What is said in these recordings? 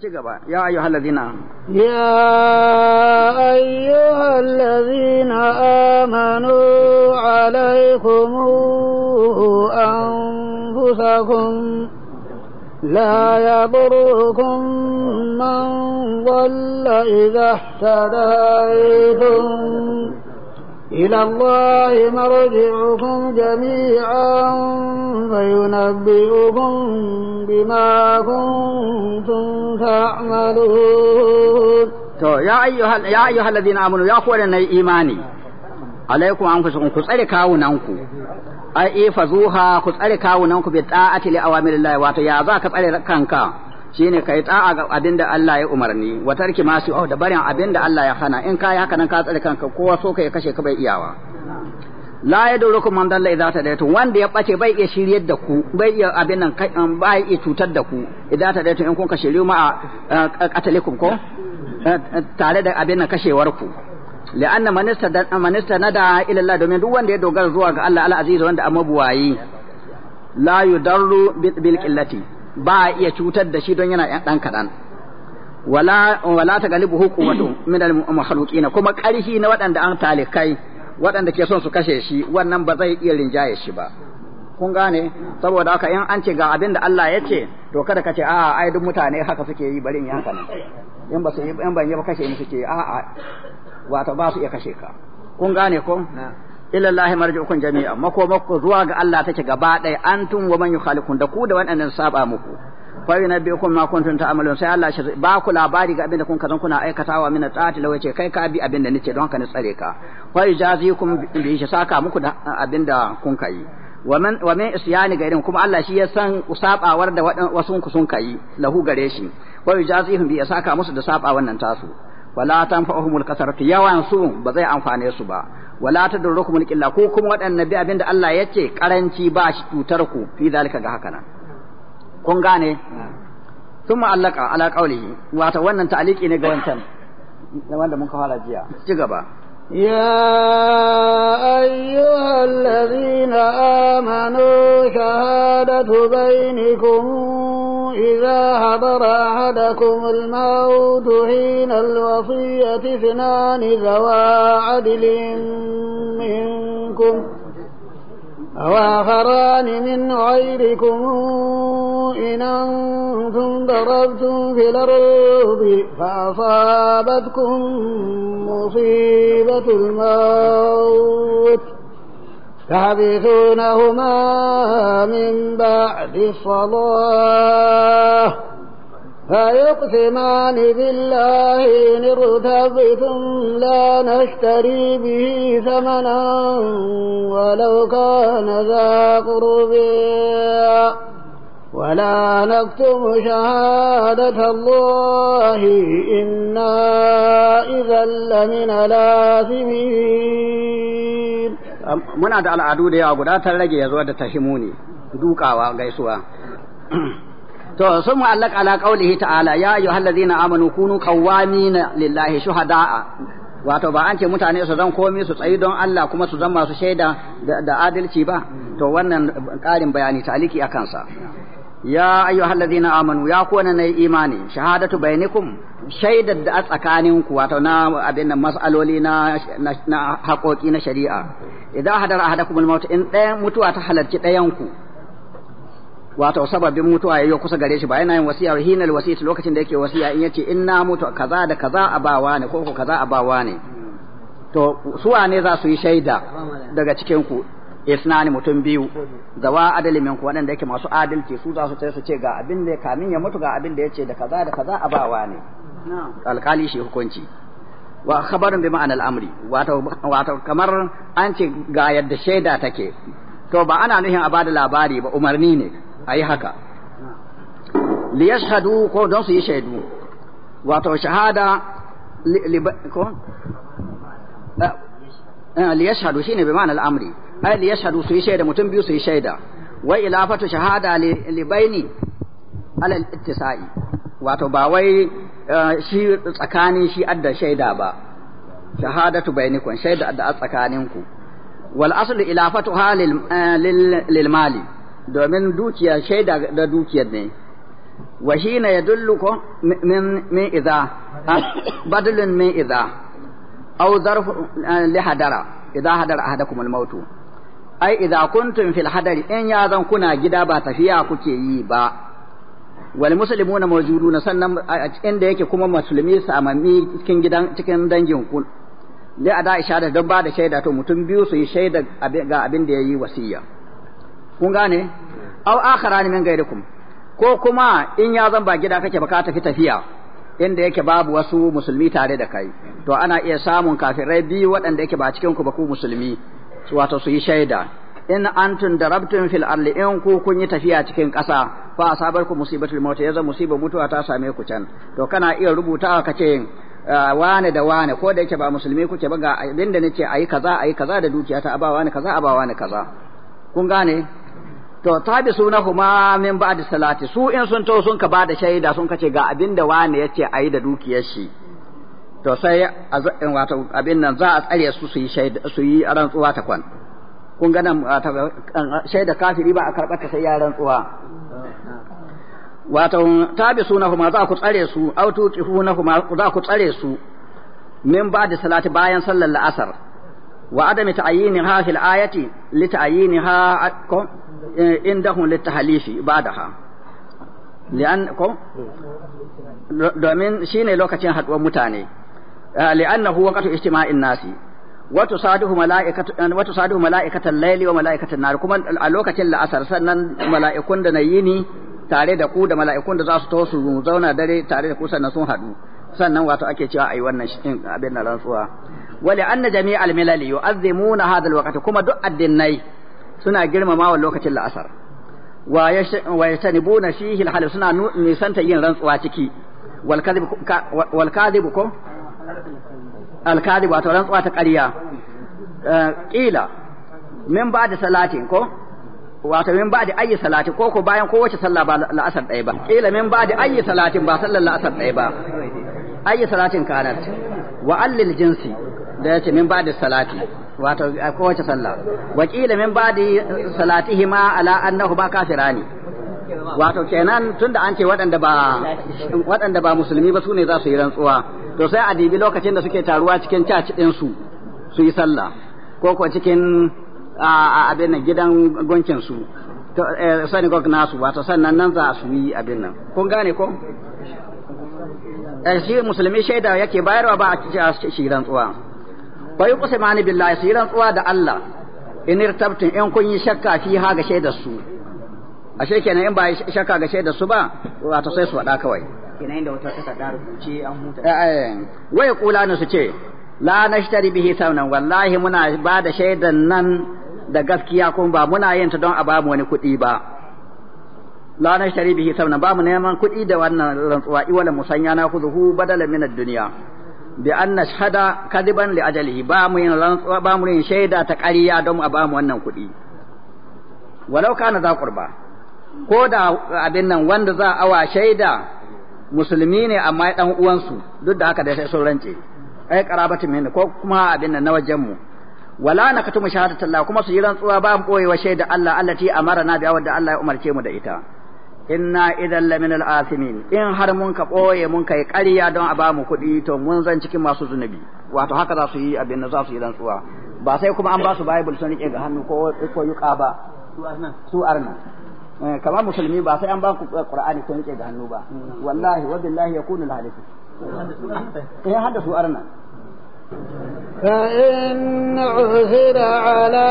ci gaba ya ayyuha allazina ya ayyuha allazina amanu alaykum anfusakum la yadurukum man dhalla idha إلى الله مرجعكم جميعا فينبئكم بما كنتم تعملون to ya ayyuha ya ayyuha alladhina amanu ya ku wadanda imani alaikum anfusukum ku tsare kawunanku ai ifazuha ku tsare kawunanku bi ta'ati li awamirillahi wato ya za ka tsare kanka shine kai ta'a ga abinda Allah ya umarni wa tarki ma su da barin abinda Allah ya hana in ka haka nan ka tsare kanka kowa so kai kashe ka bai iyawa la ya dole kuma dalla idza ta daitu wanda ya bace bai iya shiryar da ku bai iya abin nan um, bai iya cutar da ku idza ta daitu in kun kashe riyu ma uh, qatalikum ko uh, tare da abin nan kashewar ku li'anna manista manista nada ila Allah domin duk wanda ya dogara zuwa ga Allah al-aziz wanda amma buwayi la yudarru bil qillati ba a iya cutar da shi don yana ɗan kaɗan wala wala ta galibu hukumatu min al makhluqina kuma ƙarfi na waɗanda an talikai waɗanda ke son su kashe shi wannan ba zai iya rinjaye shi ba kun gane saboda haka in an ce ga abin da Allah ya ce to kada ka ce a ai duk mutane haka suke yi bari in yi haka in ba su yi in ban yi ba kashe ni suke a a wato ba su iya kashe ka kun gane ko ilallahi marji'ukum jami'an makomakku zuwa ga Allah take gaba ɗaya antum wa man yukhalikun da ku da waɗannan saba muku fa yunabbiukum ma kuntum ta'malun sai Allah shi ba ku labari ga abinda kun kazan kuna aikatawa min ta'ati lawai ce kai ka bi abinda nace don haka ni tsare ka fa yajazikum bi shi saka muku da abinda kun kai wa man wa man isyani ga irin kuma Allah shi ya san usabawar da wasu ku sun kai lahu gare shi wa yajazihum bi saka musu da saba wannan tasu wala tanfa'uhumul kasaratu yawan su ba zai amfane su ba wala tadurrukum illa ko kuma waɗannan bi abinda Allah ya ce karanci ba shi cutar ku fi zalika ga haka nan kun gane thumma allaka ala qawlihi wata wannan ta'aliki ne ga wancan wanda mun fara jiya ci gaba يا أيها الذين آمنوا شهادة بينكم إذا حضر أحدكم الموت حين الوصية اثنان ذوى عدل منكم وآخران من غيركم إن أنتم ضربتم في الأرض فأصابتكم مصيبة الموت تحبثونهما من بعد الصلاة فيقسمان بالله إن ارتبتم لا نشتري به ثمنا ولو كان ذا قربا ولا نكتم شهادة الله إنا إذا لمن الآثمين muna da al'adu da yawa guda ta rage ya zo da tashimuni dukawa gaisuwa to sun mu'allaq ala qaulihi ta'ala ya ayyuhallazina amanu kunu qawwamina lillahi shuhada'a wato ba an ce mutane su zan komi su tsayi don Allah kuma su zama masu shaida da adalci ba to wannan ƙarin bayani taliki a kansa ya ayyuhallazina amanu ya kona na imani shahadatu bainakum shaidar da a tsakaninku wato na abin nan mas'aloli na na haƙoƙi na shari'a idan hadara ahadakumul maut in ɗaya mutuwa ta halarci ɗayan ku wato sababin mutuwa yayyo kusa gare shi ba yana yin wasiya hinal alwasiyatu lokacin da yake wasiya in yace in na mutu kaza da kaza a bawa ne ko ko kaza a bawa ne to su ne za su yi shaida daga cikin ku isnani mutum biyu zawa adali minku waɗanda yake masu adalci su za su sai su ce ga abin da kamin ya mutu ga abin da yace da kaza da kaza a bawa ne alkali shi hukunci wa khabarin bi ma'an al'amri wato wato kamar an ce ga yadda shaida take to ba ana nuhin a bada labari ba umarni ne a yi haka liyashhadu ko don su yi shaidu wato shahada ko liyashhadu shine bi ma'anar al'amri ai liyashhadu su yi shaida mutum biyu su yi shaida wai ilafatu shahada li baini ala ittisa'i wato ba wai shi tsakanin shi adda shaida ba shahadatu bainakum shaida adda tsakaninku wal aslu ilafatu halil lil mali domin dukiya shaida da dukiyar ne wa hina yadullu ko min min idza badalin min iza Au zarf eh, li hadara idza hadara ahadakum al mautu ai idza kuntum fil hadari in ya zan kuna gida ba tafiya kuke yi ba wal muslimuna mawjuduna sannan inda yake kuma musulmi samami cikin gidan cikin dangin ku da ada isha da don ba da shaida to mutum biyu su yi shaida ga abin da ya yi wasiya kun gane aw akhara min gairikum ko kuma in ya zan ba gida kake ba ka tafi tafiya inda yake babu wasu musulmi tare da kai to ana iya samun kafirai biyu waɗanda yake ba cikin ku ba ku musulmi su wato su yi shaida in antum darabtum fil ardi in ku kun yi tafiya cikin ƙasa fa asabarku musibatul maut yaza musiba mutuwa ta same ku can to kana iya rubuta ka ce ah, wane da wane ko da yake ba musulmi kuke ba ga abinda nace ayi kaza ayi kaza da dukiya ta abawa ne kaza abawa ne kaza kun gane to huma min ba da salati su in sun to sun ka ba da shaida sun kace ga abin da wani yace ayi da dukiyar shi to sai wato abin nan za a tsare su su yi shaida su yi rantsuwa ta kwan kun ga nan shaida kafiri ba a karɓar ta sai ya rantsuwa wato huma za ku tsare su huma za ku tsare su min ba da salati bayan sallar la'asar wa adami ta'yiniha fil ayati li ha indahum litahlifi ba'daha li'an ko domin shine lokacin haduwar mutane li'annahu waqtu ijtima'in nasi wa tusaduhu mala'ikatu wa tusaduhu mala'ikatan layli wa mala'ikatan nar kuma a lokacin la'asar sannan mala'ikun da na ni tare da ku da mala'ikun da za su taho su zauna dare tare da ku sannan sun hadu sannan wato ake cewa ai wannan shin abin na rantsuwa wa li'anna jami'al milali yu'azzimuna hadha alwaqt kuma duk addinai suna girmamawa lokacin la'asar wa yastanibuna fihi alhal suna nisanta yin rantsuwa ciki wal ko al wato rantsuwa ta ƙarya eh, Ƙila min ba da salatin ko wato min ba da ayi salati ko ko bayan kowace sallah ba la'asar ɗaya ba Ƙila min ba da ayi salatin ba sallar la'asar ɗaya ba ayi salatin kanar, wa allil jinsi da yace min ba da salati wato a kowace sallah wakila min ba'di salatihima ala annahu ba kafirani wato kenan tunda an ce waɗanda ba waɗanda ba musulmi ba sune za su yi rantsuwa to sai a dibi lokacin da suke taruwa cikin caci din su su yi sallah ko ko cikin abin gidan gunkin su to eh, sanigog nasu wato sannan nan za su yi abin nan kun gane ko eh, shi musulmi shaida yake bayarwa ba a cikin shi rantsuwa fa mani billahi su yi rantsuwa da Allah in irtabtin in kun yi shakka fi ha ga shaidar su ashe kenan in ba yi shakka ga shaidar su ba wato sai su faɗa kawai kenan inda wata da rubuce an huta eh, eh. wai ne su ce la nashtari bihi thawnan wallahi muna ba da shaidan nan da gaskiya kuma ba muna yin ta don a ba mu wani kuɗi ba la nashtari bihi thawnan ba mu neman kuɗi da wannan rantsuwa iwala musanya na kuzuhu badala min ad-dunya bi an nashhada kadiban li ajalihi ba mu yin ba mu yin shaida ta ƙarya don a ba mu wannan kuɗi walau kana za qurba ko da abin nan wanda za a awa shaida musulmi ne amma ɗan uwansu duk da haka da sai sun rance ai karabatu min ko kuma abin nan na wajen mu wala nakatumu shahadatu Allah kuma su yi rantsuwa ba mu wa shaida Allah allati na bi wadda Allah ya umarce mu da ita inna idan lamin al'asimin in har mun ka ɓoye mun kai ƙarya don a ba mu kuɗi to mun zan cikin masu zunubi wato haka za su yi abin da za su yi rantsuwa ba sai kuma an ba su bible sun rike ga hannu ko ko yuka ba su arna eh, kamar musulmi ba sai an ba ku qur'ani sun rike ga hannu ba wallahi wa billahi yakunu al-hadith eh hada su arna فإن عثر على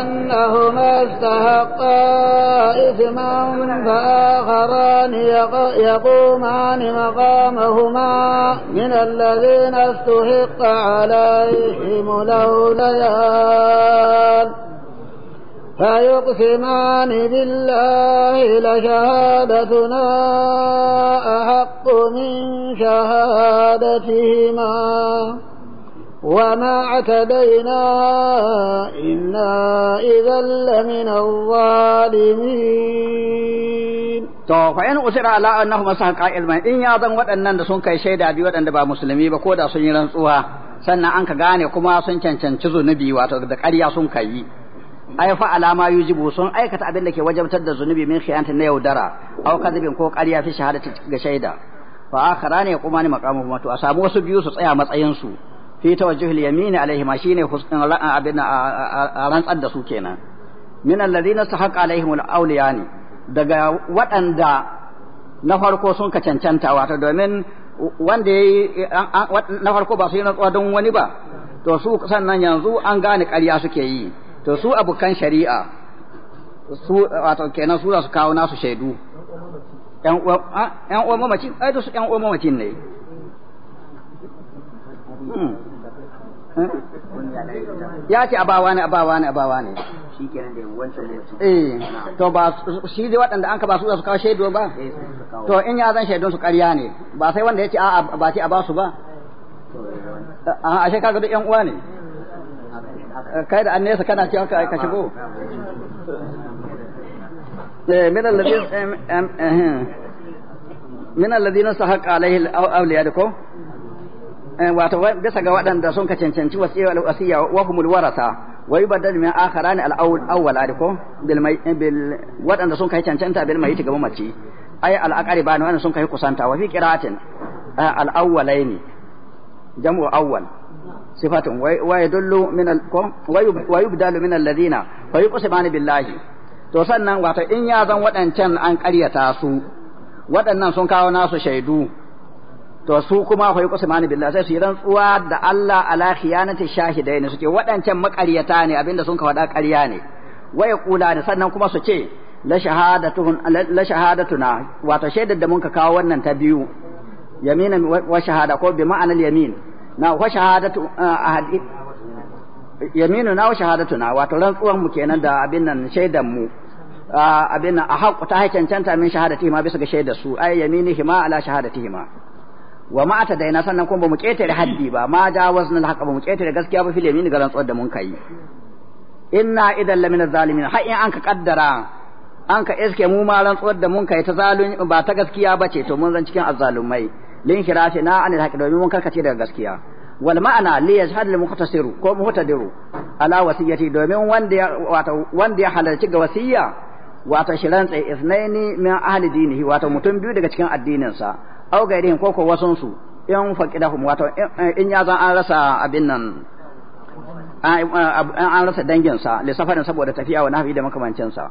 أنهما استحقا إثما فآخران يقومان مقامهما من الذين استحق عليهم الأوليان فيقسمان بالله لشهادتنا أحق من شهادتهما وما اعتدينا إنا إذا لمن الظالمين to fa in usira ala annahum saqa ilman in ya zan waɗannan da sun kai shaida biyu waɗanda ba musulmi ba ko da sun yi rantsuwa sannan an ka gane kuma sun cancanci zunubi wato da ƙarya sun kai ay fa alama yujibu sun aikata abin da ke wajabtar da zunubi min khiyanta na yaudara aw kadhibin ko ƙarya fi shahadati ga shaida fa ni yaqumani kuma to a samu wasu biyu su tsaya matsayin su fi tawajjuhil yamini ma shine husn abin a rantsar da su kenan min alladhina sahaqa alaihim alawliyani daga waɗanda na farko sun ka cancanta wato domin wanda yayi na farko ba su yi na don wani ba to su sannan yanzu an gane ƙarya suke yi to su abukan shari'a su wato kenan su za su kawo nasu shaidu ƴan uwan mamacin ai da su ƴan uwan mamacin ne hmm. eh? ya ce abawa ne abawa ne abawa ne shi kenan da wancan ne eh to ba shi dai waɗanda an ka ba su su kawo shaidu ba to in ya zan shaidun su ƙarya ne ba sai wanda ya ce a'a ba ce a ba su ba eh, a ashe ga duk yan uwa ne kai da an nesa kana cewa ka ka shigo من الذين من الذين سحق عليه الأولياء دكو wato bisa ga waɗanda sun ka cancanci wasiya wa humul warasa wa yubaddal min akharani al awwal adiko bil mai eh, bil waɗanda sun kai cancanta bil mai gaba mace ay al aqribani waɗanda sun kai kusanta wa fi qira'atin eh, al awwalaini jam'u awwal sifatun wa yadullu min al wa yubdalu min alladhina fa to sannan wato in ya zan waɗancan an ƙaryata su waɗannan sun kawo nasu shaidu to su kuma fa yuqsimani billahi sai su yi rantsuwa da Allah ala khiyanati shahidain suke waɗancan maƙaryata ne abinda sun kawo faɗa ƙarya ne wa yaqula ne sannan kuma su ce la shahadatun la wato shaidar da mun ka kawo wannan ta biyu yamina wa shahada ko bi ma'anar yamin na wa shahadatu ah, yaminu na wa shahadatuna wato rantsuwar mu kenan da abin nan shaidan mu ah, abin nan a haƙu ta canta min shahadati ma bisa ga shaida su ai yamini hima ala shahadati hima wa ma ta daina sannan kuma bamu ketare haddi ba ma jawazna haƙa haqa bamu ketare gaskiya ba fil yamini ga rantsuwar da mun kai inna idan lamina zalimin har in an ka kaddara an ka iske mu ma rantsuwar da mun kai ta zalun ba ta gaskiya ba ce to mun zan cikin azzalumai lin hirashi na anil haqi domin mun karkace daga gaskiya wal ma'ana li yashhad lil muhtasiru ko muhtadiru ala wasiyati domin wanda ya wato wanda ya halarci ga wasiyya wato shiran tsai isnaini min ahli dinihi wato mutum biyu daga cikin addininsa au gairihim ko ko wasun su in faqidahum wato in ya zan an rasa abin nan an rasa danginsa safarin saboda tafiya wa nafi da makamancinsa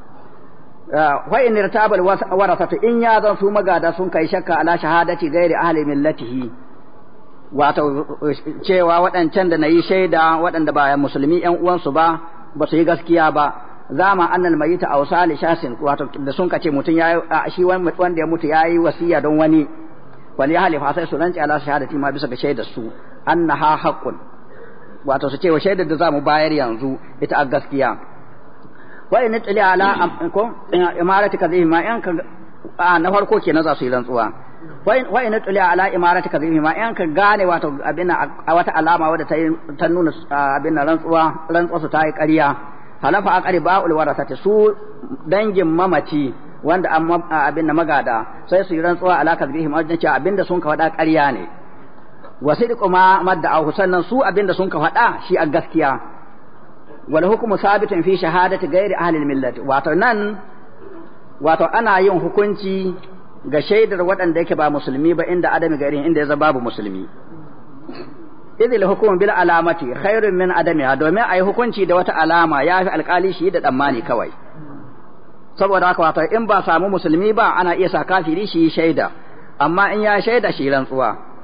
Ah, wa in irtabal warasatu in ya zan su magada sun kai shakka ala shahadati gairi ahli millatihi wato cewa waɗancan da nayi shaida waɗanda ba musulmi ƴan uwansu ba ba su yi gaskiya ba zama annal mayita aw sali shasin wato da sun kace mutun yayi shi wanda ya mutu yayi wasiya don wani wani hali fa sai su rantsi ala shahadati ma bisa ga shaidar su annaha haqqun wato su ce wa shaidar da zamu bayar yanzu ita a gaskiya wa in tuli ala ko imarati kadhibi ma yan ka na farko kenan za su yi rantsuwa wa in tuli ala imarati kadhibi ma yan ka gane wato abin a wata alama wadda ta ta nuna abin rantsuwa rantsuwa su ta yi ƙarya halafa ba'ul warasati su dangin mamaci wanda abin na magada sai su yi rantsuwa ala kadhibihim wajen cewa abinda sun ka faɗa ƙarya ne wa sidqu ma madda sannan su abinda sun ka faɗa shi a gaskiya wal hukmu sabitun fi shahadati ghairi ahli al-millati wato nan wato ana yin hukunci ga shaidar waɗanda yake ba musulmi ba inda adami gari inda ya babu musulmi idil hukum bil alamati khairun min adamiha domin yi hukunci da wata alama ya fi alkali shi da tsammani kawai saboda haka wato in ba samu musulmi ba ana iya sa kafiri shi shaida amma in ya shaida shi rantsuwa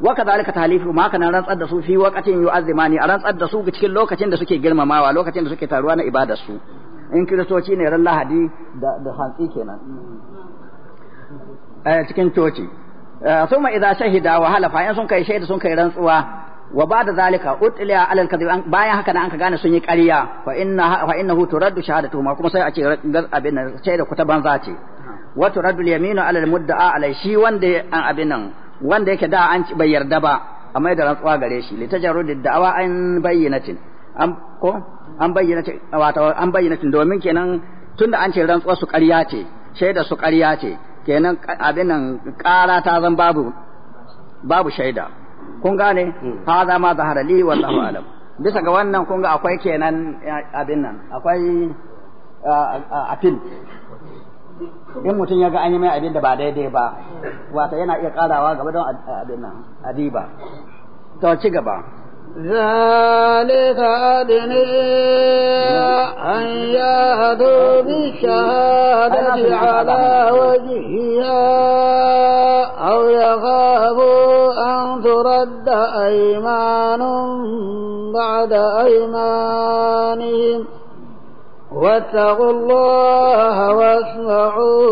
wa kadhalika tahlifu ma kana rantsar da su fi waqatin yu'azzimani a rantsar da su cikin lokacin da suke girmamawa lokacin da suke taruwa na ibadar su in kiristoci ne ran lahadi da da hantsi kenan a eh, cikin coci eh, suma idza shahida wa halafa in sun kai shaida sun kai rantsuwa wa ba da zalika utliya alal kadhib bayan haka nan an ka gane sun yi ƙarya fa inna fa innahu turaddu shahadatu ma kuma sai a ce abin nan shaida ku ta banza ce wa turaddu al-yaminu alal mudda'a alai shi wanda an abin nan wanda yake da an bai yarda ba a mai da rantsuwa gare shi li da da'awa an tin an ko an bayyinatin wato an tin domin kenan tunda an ce rantsuwa su ƙarya ce shaida su ƙarya ce kenan abin nan ƙara ta zan babu babu shaida kun gane hmm. za ma zahara li wallahu alam bisa ga wannan kun ga akwai kenan abin nan akwai a apil in mutum ya ga an yi mai abin da ba daidai ba wata yana iya karawa gaba don abin nan adiba to ci gaba ذلك أدنى أن يهدوا بالشهادة على وجهها أو يخافوا أن ترد أيمان بعد أيمانهم واتقوا الله واسمعوا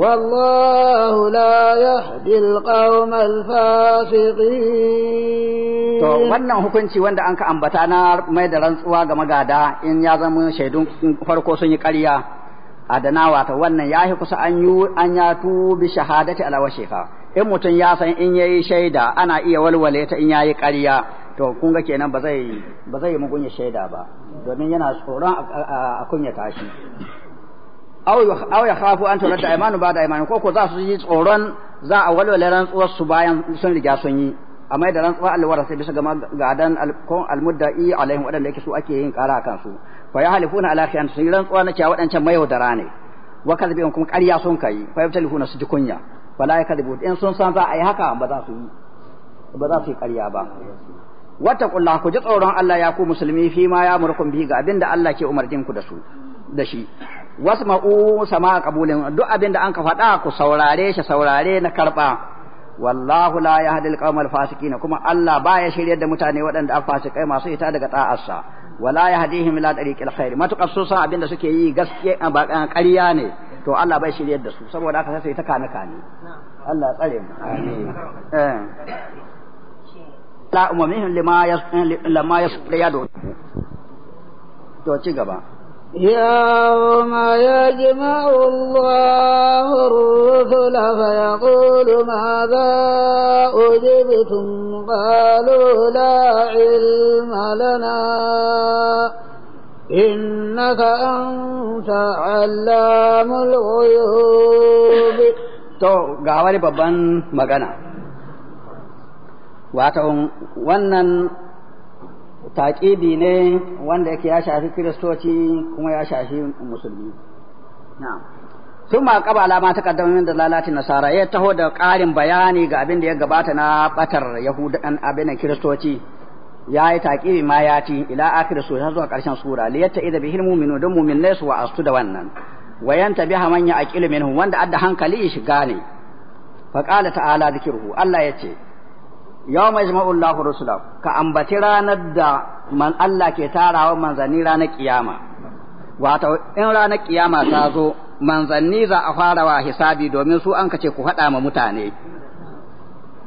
والله لا يهدي القوم الفاسقين to wannan hukunci wanda an ka ambata na mai da rantsuwa ga magada in ya zama shaidun farko sun yi ƙarya adana wata wannan ya yi kusa an yi an ya tubi shahadati ala washifa in mutum ya san in yayi shaida ana iya walwale ta in yayi ƙarya to kun ga kenan ba zai ba zai ya shaida ba domin yana tsoron a kunya tashi au ya khafu an da imanu ba da imanu ko ko za su yi tsoron za a walwala rantsuwar su bayan sun riga sun yi amma da rantsuwar alwara sai bisa gama gadan alkon almuddai alaihim wadanda yake su ake yin kara kan su fa ya halifuna ala khiyan sun rantsuwa na cewa wadancan yaudara ne wa kadhibin kuma ƙarya sun kai fa talifuna su ji kunya wala ya kadhibu in sun san za a yi haka ba za su yi ba za su yi ƙarya ba wattaqullah ku ji tsoron Allah ya ku musulmi fi ma ya murkum bi ga abinda Allah ke umarnin ku da su da shi wasma'u sama qabulin duk abinda an ka faɗa ku saurare shi saurare na karba wallahu la yahdi alqawmal fasiqina kuma Allah baya shiryar da mutane waɗanda an fasikai masu ita daga ta'arsa wala yahdihim ila tariqil khair matukar su san abinda suke yi gaskiya ba ƙarya ne to Allah bai shiryar da su saboda haka sai ta kanaka kane Allah tsare mu amin eh. la umamihim lima yas lima yas yadu to ci gaba يوم يجمع الله الرسل فيقول ماذا أجبتم قالوا لا علم لنا إنك أنت علام الغيوب تو غاوري بابان مغانا wata wannan taƙidi ne wanda yake ya shafi kiristoci kuma ya shafi musulmi sun ma ƙaba alama ta da lalatin nasara ya taho da ƙarin bayani ga abin da ya gabata na batar yahudan abinan kiristoci ya yi taƙiri ma ya ci ila akhir sura zuwa ƙarshen sura liyatta yatta idza mu'minu mu'min su wa astu da wannan wayan tabiha man a aqilu wanda adda hankali shiga ne. fa ta'ala ruhu Allah yace yau mai zama Allahu ka ambaci ranar da man Allah ke wa manzanni ranar kiyama wato in ranar kiyama ta zo manzanni za a fara wa hisabi domin su an ka ce ku haɗa ma mutane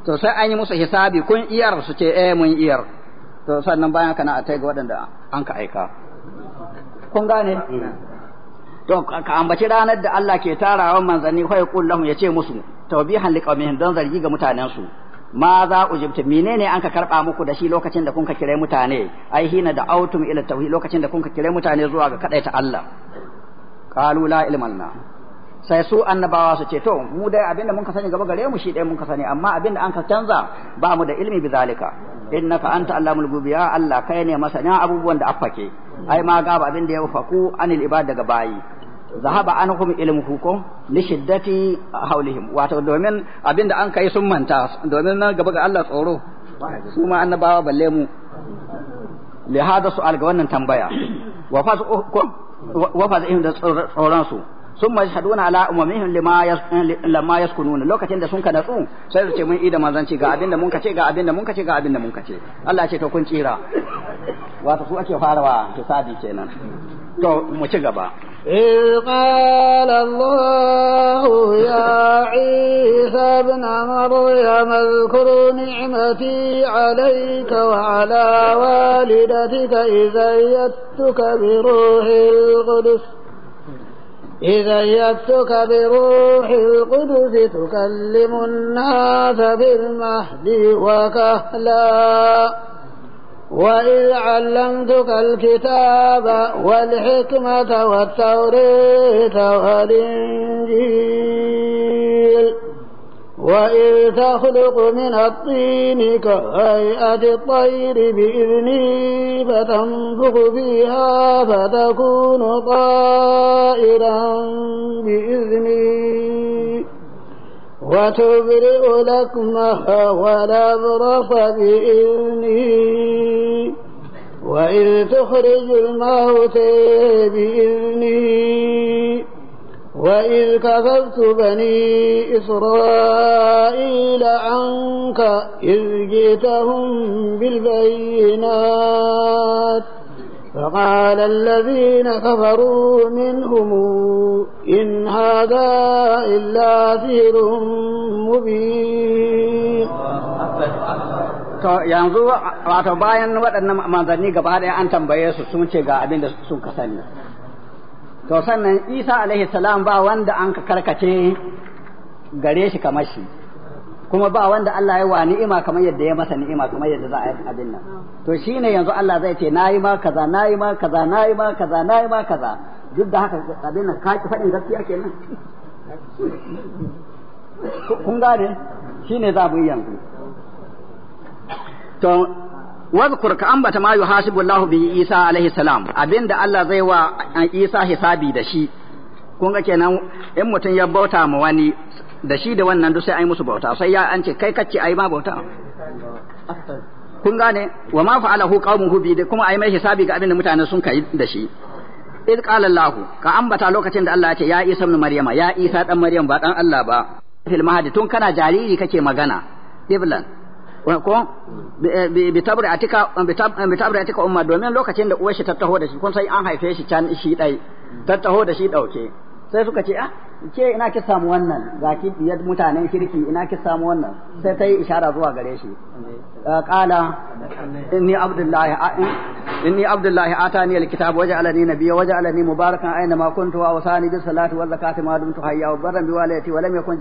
to sai an yi musu hisabi kun iyar su ce eh mun iyar to sannan bayan kana a tai ga waɗanda an ka aika kun gane to ka ambaci ranar da Allah ke wa manzanni fa kullum ya ce musu tawbihan liqaumihim don zargi ga mutanen su ma za ujibta menene an ka karba muku da shi lokacin da kuka kire mutane ai hina da autum ila tauhid lokacin da kuka kire mutane zuwa ga kadaita Allah qalu la ilma lana sai su annabawa su ce to mu dai abinda mun ka sani gaba gare mu shi dai mun ka sani amma abinda an ka canza ba mu da ilmi bizalika innaka anta allamul gubiya Allah kai ne masanin abubuwan da affake ai ma abin abinda ya faku anil ibad daga bayi zahaba an anhum ilmuhu huko li shiddati haulihim wato domin abinda an kai sun manta domin nan gaba ga Allah tsoro su ma annabawa balle mu li hada su'al ga wannan tambaya wa fa ko wa fa da tsoron su sun mashhaduna ala umamihim lima lama yaskununa lokacin da sun ka natsu sai su ce mun ida manzanci ga abinda mun kace ga abinda mun kace ga abinda mun kace Allah ce to kun tsira wato su ake farawa to sadi kenan إذ قال الله يا عيسى ابن مريم اذكر نعمتي عليك وعلى والدتك إذ أيدتك بروح القدس إذ أيدتك بروح القدس تكلم الناس بالمهد وكهلا وإذ علمتك الكتاب والحكمة والتوريث والإنجيل وإذ تخلق من الطين كهيئة الطير بإذني فتنفخ فيها فتكون طائرا بإذني وتبرئ لكمها ولا برص بإذني وإن تخرج الموت بإذني وإذ كففت بني إسرائيل عنك إذ جئتهم بالبينات فقال الذين كفروا منهم إن هذا إلا سحر مبين to yanzu wato bayan waɗannan manzanni gaba ɗaya an tambaye su sun ce ga abin da sun ka sani to sannan isa alaihi salam ba wanda an ka karkace gare shi kamar shi kuma ba wanda Allah ya wa ni'ima kamar yadda ya masa ni'ima kamar yadda za a yi abin nan to shine yanzu Allah zai ce nayi ma kaza nayi ma kaza nayi ma kaza nayi ma kaza duk da haka abin nan ka ki faɗin gaskiya kenan kun gane shine za mu yi yanzu to واذكر كأنبت ما يحاسب الله به عيسى عليه السلام أبين ده الله زي wa Isa hisabi da shi kun ga kenan in mutum ya bauta ma wani da shi da wannan duk sai ai musu bauta sai ya an ce kai kacce ai ma bauta kun gane wa ma fa'alahu hubi da kuma ai mai hisabi ga abin da mutanen sun kai da shi id qala allah ka ambata lokacin da allah ya ce ya isa ibn maryama ya isa dan maryam ba dan allah ba fil mahdi tun kana jariri kake magana iblan ko bi tabri atika bi tabri atika umma domin lokacin da uwar shi ta taho da shi kun sai an haife shi can shi dai ta taho da shi dauke sai suka ce ah ke ina ki samu wannan za ki biyar mutanen kirki ina ki samu wannan sai ta yi ishara zuwa gare shi qala inni abdullahi inni abdullahi atani alkitab waja'alani nabiyya waja'alani mubarakan aina ma kuntu wa bis salati wal zakati ma dumtu hayya wa barran bi wa lam yakun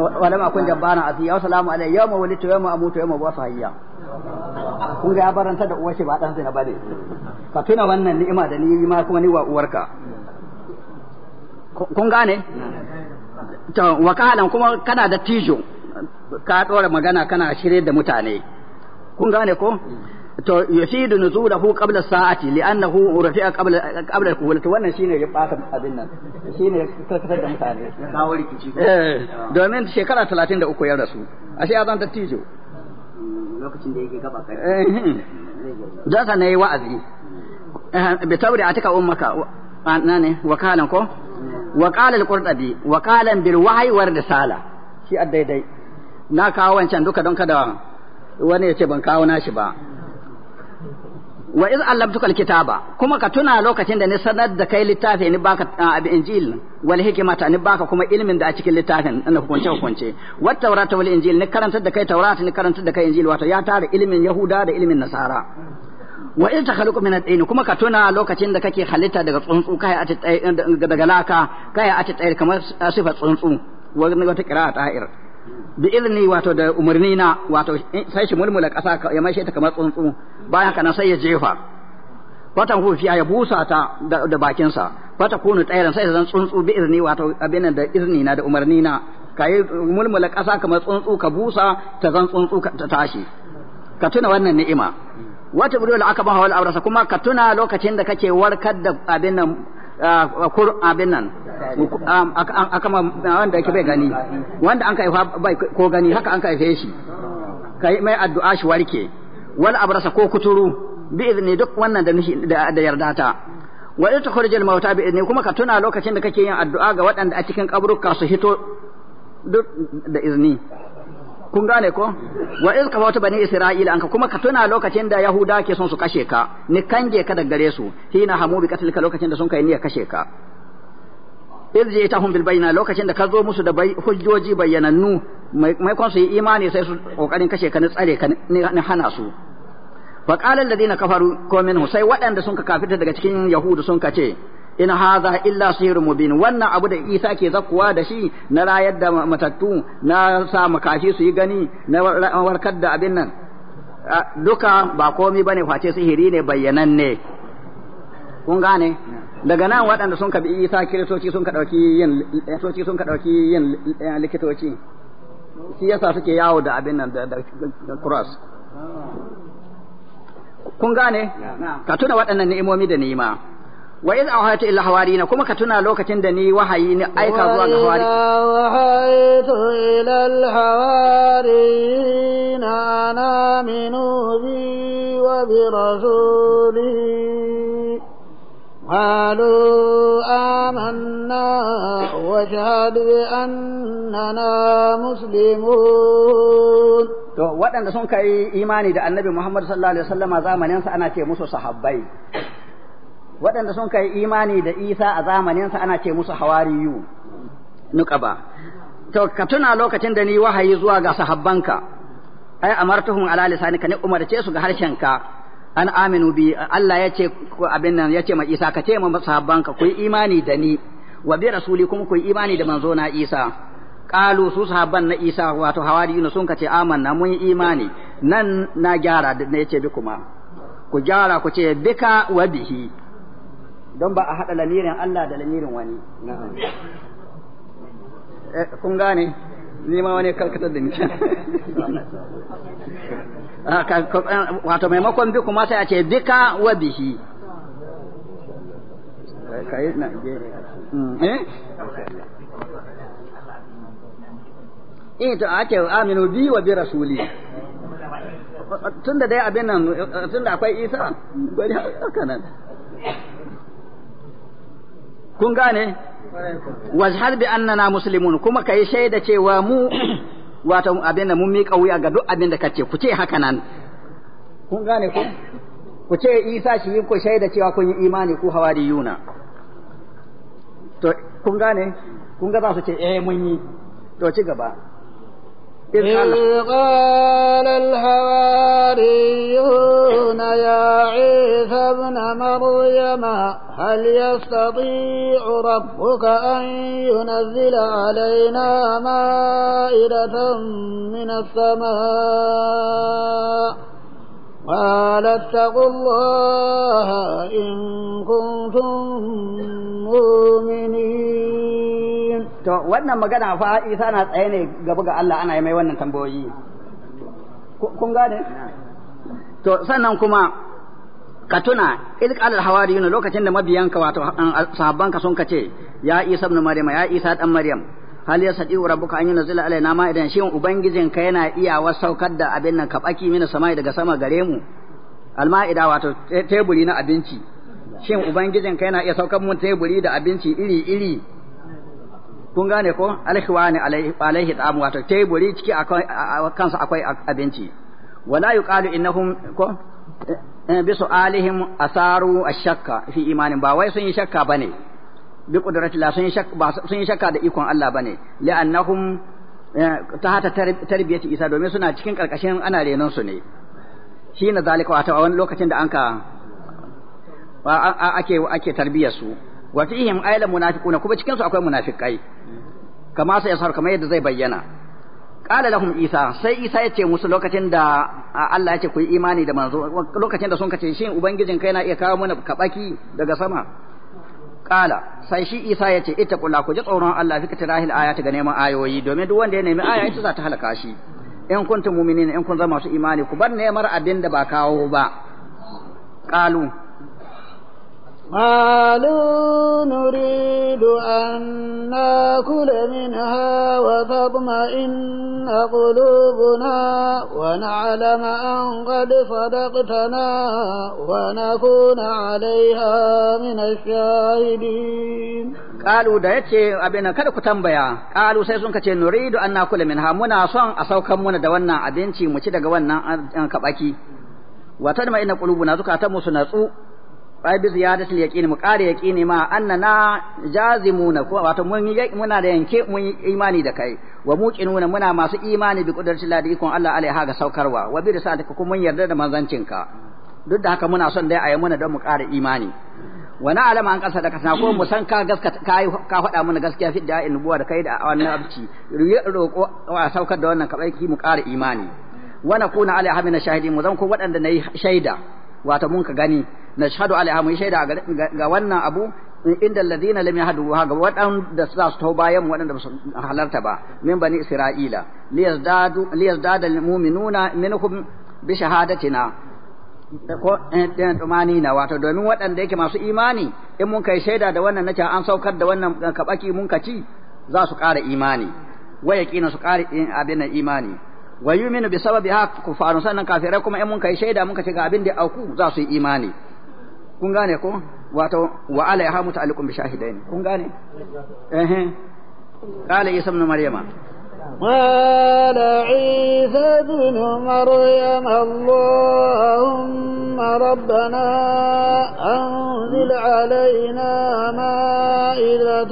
wa lam akun jabbana wa salamu alayya yawma yawma amutu yawma kun ga ya da uwar shi ba dan bane ka tuna wannan ni'ima da ni ma kuma ni wa uwarka kun gane wakalan kuma kana da tijo ka ɗora magana kana shirye da mutane kun gane ko to yufidu nuzulahu qabla sa'ati li'annahu urfi'a qabla qabla al-kuhul to wannan shine ya bata abin nan shine karkatar da mutane kawo rikici eh domin shekara 33 ya rasu ashe azan ta tijo lokacin da yake gaba kai eh yi wa'azi eh, bi tawri atika ummaka ne wakalan ko wa qala al-qurtubi wa qala bil wahyi war risala shi daidai na kawo wancan duka don kada wani ya ce ban kawo nashi ba wa iz allamtuka alkitaba kuma ka tuna lokacin da ni sanar da kai littafi ni baka abi injil wal hikmata ni baka kuma ilmin da a cikin littafin ina hukunce hukunce wat tawrata wal injil ni karanta da kai ni karanta da kai ya tara ilmin yahuda da ilmin nasara wa in takhluqu min at-tayn kuma ka tuna lokacin da kake halitta daga tsuntsu kai a daga laka kai a tsayir kamar sifa tsuntsu wata qira'a ta'ir bi ilni wato da umarni na wato sai shi mulmula ƙasa ya maishe ta kamar tsuntsu bayan kana sai ya jefa fatan hufiya ya busa ta da bakinsa fata kunu tsayiran sai zan tsuntsu bi ilni wato abin da izini na da umarni na kai mulmula ƙasa kamar tsuntsu ka busa ta zan tsuntsu ta tashi ka tuna wannan ni'ima wata buru da aka ba hawal abrasa kuma ka tuna lokacin da kake warkar da abin nan ah, kur abin nan um, akama wanda yake bai gani wanda an kai bai ko gani haka an kai shi kai mai addu'a shi warke wal abrasa ko kuturu bi idni duk wannan da da yarda ta wa kharijal mauta bi idni kuma ka tuna lokacin da kake yin addu'a ga waɗanda a cikin kaburuka su hito duk da izini kun gane ko wa iz kafawtu bani isra'ila anka kuma ka tuna lokacin da yahuda ke son su kashe ka ni kange ka daga gare su hina hamu bi katlika lokacin da sun kai niyyar kashe ka iz hum bil bayna lokacin da ka zo musu da hujjoji bayyanannu mai kon su yi imani sai su kokarin kashe ka ni tsare ka ni hana su fa qala alladhina kafaru ko minhu sai waɗanda sun ka kafirta daga cikin yahudu sun ka ce in hadha illa sihir mubin wannan abu da Isa ke zakkuwa da shi na rayar da matattu na sa makashi su yi gani na warkar da abin nan duka ba komi bane face sihiri ne ne. kun gane daga nan waɗanda sun kabi Isa kiristoci sun ka dauki yin kiristoci sun ka dauki yin eh, likitoci shi yasa suke yawo da abin nan da cross kun gane ka tuna waɗannan ni'imomi da ni'ima wa iz awhaytu ila na kuma ka tuna lokacin da ni wahayi ni aika zuwa ga hawari wahaytu ila al hawarina na minu bi wa bi rasuli قالوا آمنا واشهد بأننا مسلمون to waɗanda sun kai imani da annabi Muhammad sallallahu alaihi wasallama zamaninsa ana ce musu sahabbai waɗanda sun kai imani da Isa a zamaninsa ana ce musu hawariyu nuƙaba. to ka tuna lokacin da ni wahayi zuwa ga sahabbanka ai amartuhum ala ka ne umarce su ga harshenka an aminu bi Allah ya ce abin nan ya ce ma Isa ka ce ma sahabbanka ku yi imani da ni wa bi rasuli kuma ku yi imani da manzo na Isa qalu su sahabban na Isa wato hawariyuna sun ka ce amanna mun yi imani nan na gyara da ya ce bi kuma ku gyara ku ce bika wa bihi don ba a haɗa lamirin Allah da lamirin wani eh, kun gane ni ma wani karkatar da nishan ah, wato maimakon bi kuma sai a ce duka wa bihi eh, mm, eh? eh to ake aminu bi wa bi rasuli tunda dai abin nan tunda akwai isa bari haka nan kun gane wajhad bi annana muslimun kuma kai shaida cewa mu wato abin da mun miƙa wuya ga duk abin da kace ku ce haka nan kun gane ku ku ce Isa shi yin ku shaida cewa kun yi imani ku hawariyuna to kun gane kun ga za su ce eh mun yi to ci gaba إذ قال الحواريون يا عيسى ابن مريم هل يستطيع ربك أن ينزل علينا مائدة من السماء قال اتقوا الله إن كنتم مؤمنين to wannan magana fa Isa na tsaye ne gaba ga Allah ana mai wannan tambayoyi kun gane to sannan kuma ka tuna ilqal hawariyuna lokacin da mabiyanka wato sahabbanka sun kace ya Isa ibn Maryam ya Isa dan Maryam hal ya sadi rabbuka an yunzila alaina ma idan shin ka yana iya wasaukar da abin nan ka baki mina samai daga sama gare mu alma'ida wato teburi na abinci shin ubangijin ka yana iya saukar mun teburi da abinci iri iri kun gane ko alhiwani alaihi ta'am wato teburi ciki akan kansa akwai abinci wala yuqalu innahum ko eh, bi su'alihim asaru ashakka fi imanin ba wai sun yi shakka bane bi qudrati la sun yi shakka sun yi shakka da ikon Allah bane li'annahum eh, ta hata tarbiyati Isa domin suna cikin karkashin ana renon su ne shi na zalika wato a wani lokacin da anka ake ake tarbiyar su wa fihim ayla munafiquna kuma cikin su akwai munafikai. kama sai yasar kamar yadda zai bayyana qala lahum isa sai isa ya ce musu lokacin da Allah ya ce ku yi imani da manzo lokacin da sun kace shin ubangijin kai na iya kawo mana kabaki daga sama qala sai shi isa ya ce ittaqullah ku ji tsoron Allah fi katirahil ayati ga neman ayoyi domin duk wanda ya nemi aya ita za ta halaka shi in kuntum mu'minina in kun zama masu imani ku bar nemar abin da ba kawo ba qalu قالوا نريد أن ناكل منها وتطمئن قلوبنا ونعلم أن قد صدقتنا ونكون عليها من الشاهدين قالوا da yace abin kada ku tambaya Kalu sai sun kace nuridu an nakula muna son a saukan muna da wannan abinci mu ci daga wannan kabaki wa tadma inna qulubuna zukatan mu su natsu ai bi til yaqini mu ƙara yaqini ma annana jazimuna ko wato mun muna da yanke mun imani da kai wa muqinuna muna masu imani bi qudratil ladi kun Allah alaiha ga saukarwa wa bi risalatika kuma mun yarda da ka duk da haka muna son dai yi muna don mu ƙara imani wa na alama an kasa da kasa ko mu san ka gaskata ka ka faɗa mana gaskiya fi da nubuwa da kai da wannan abci roƙo a saukar da wannan kabaiki mu ƙara imani wa na nakuna alaiha min shahidi mu zan ko waɗanda nayi shaida Wata mun ka gani na shahadu alaiha mu shaida ga wannan abu inda alladhina lam yahdu ga waɗanda za su tau bayan waɗanda su halarta ba min bani isra'ila liyazdadu liyazdadu almu'minuna minhum bi shahadatina ko eh, eh, tumanina wato domin waɗanda yake masu imani in mun kai shaida da wannan nace an saukar da wannan eh, kabaki mun kaci za su ƙara imani wa yaqina su ƙara abin imani wa yuminu bi sababi ha kufarun sannan kafirai kuma in mun kai shaida mun ka ce ga abin da auku za su yi imani kun gane ko wato wa ala yahamu ta'alliqun bi shahidain kun gane eh eh qala isa ibn maryama قال عيسى ابن مريم اللهم ربنا أنزل علينا ما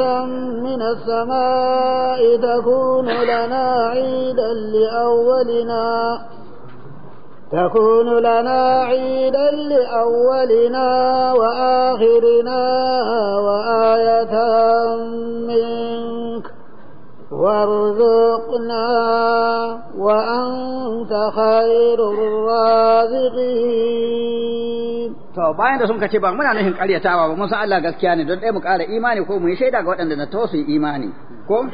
من السماء تكون لنا عيدا لأولنا تكون لنا عيدا لأولنا وآخرنا وآية منك وارزقنا وأنت خير الرازقين to bayan da sun kace ba muna nufin karyatawa ba mun san Allah gaskiya ne don ɗaya mu ƙara imani ko mu yi shaida ga waɗanda na tosu imani ko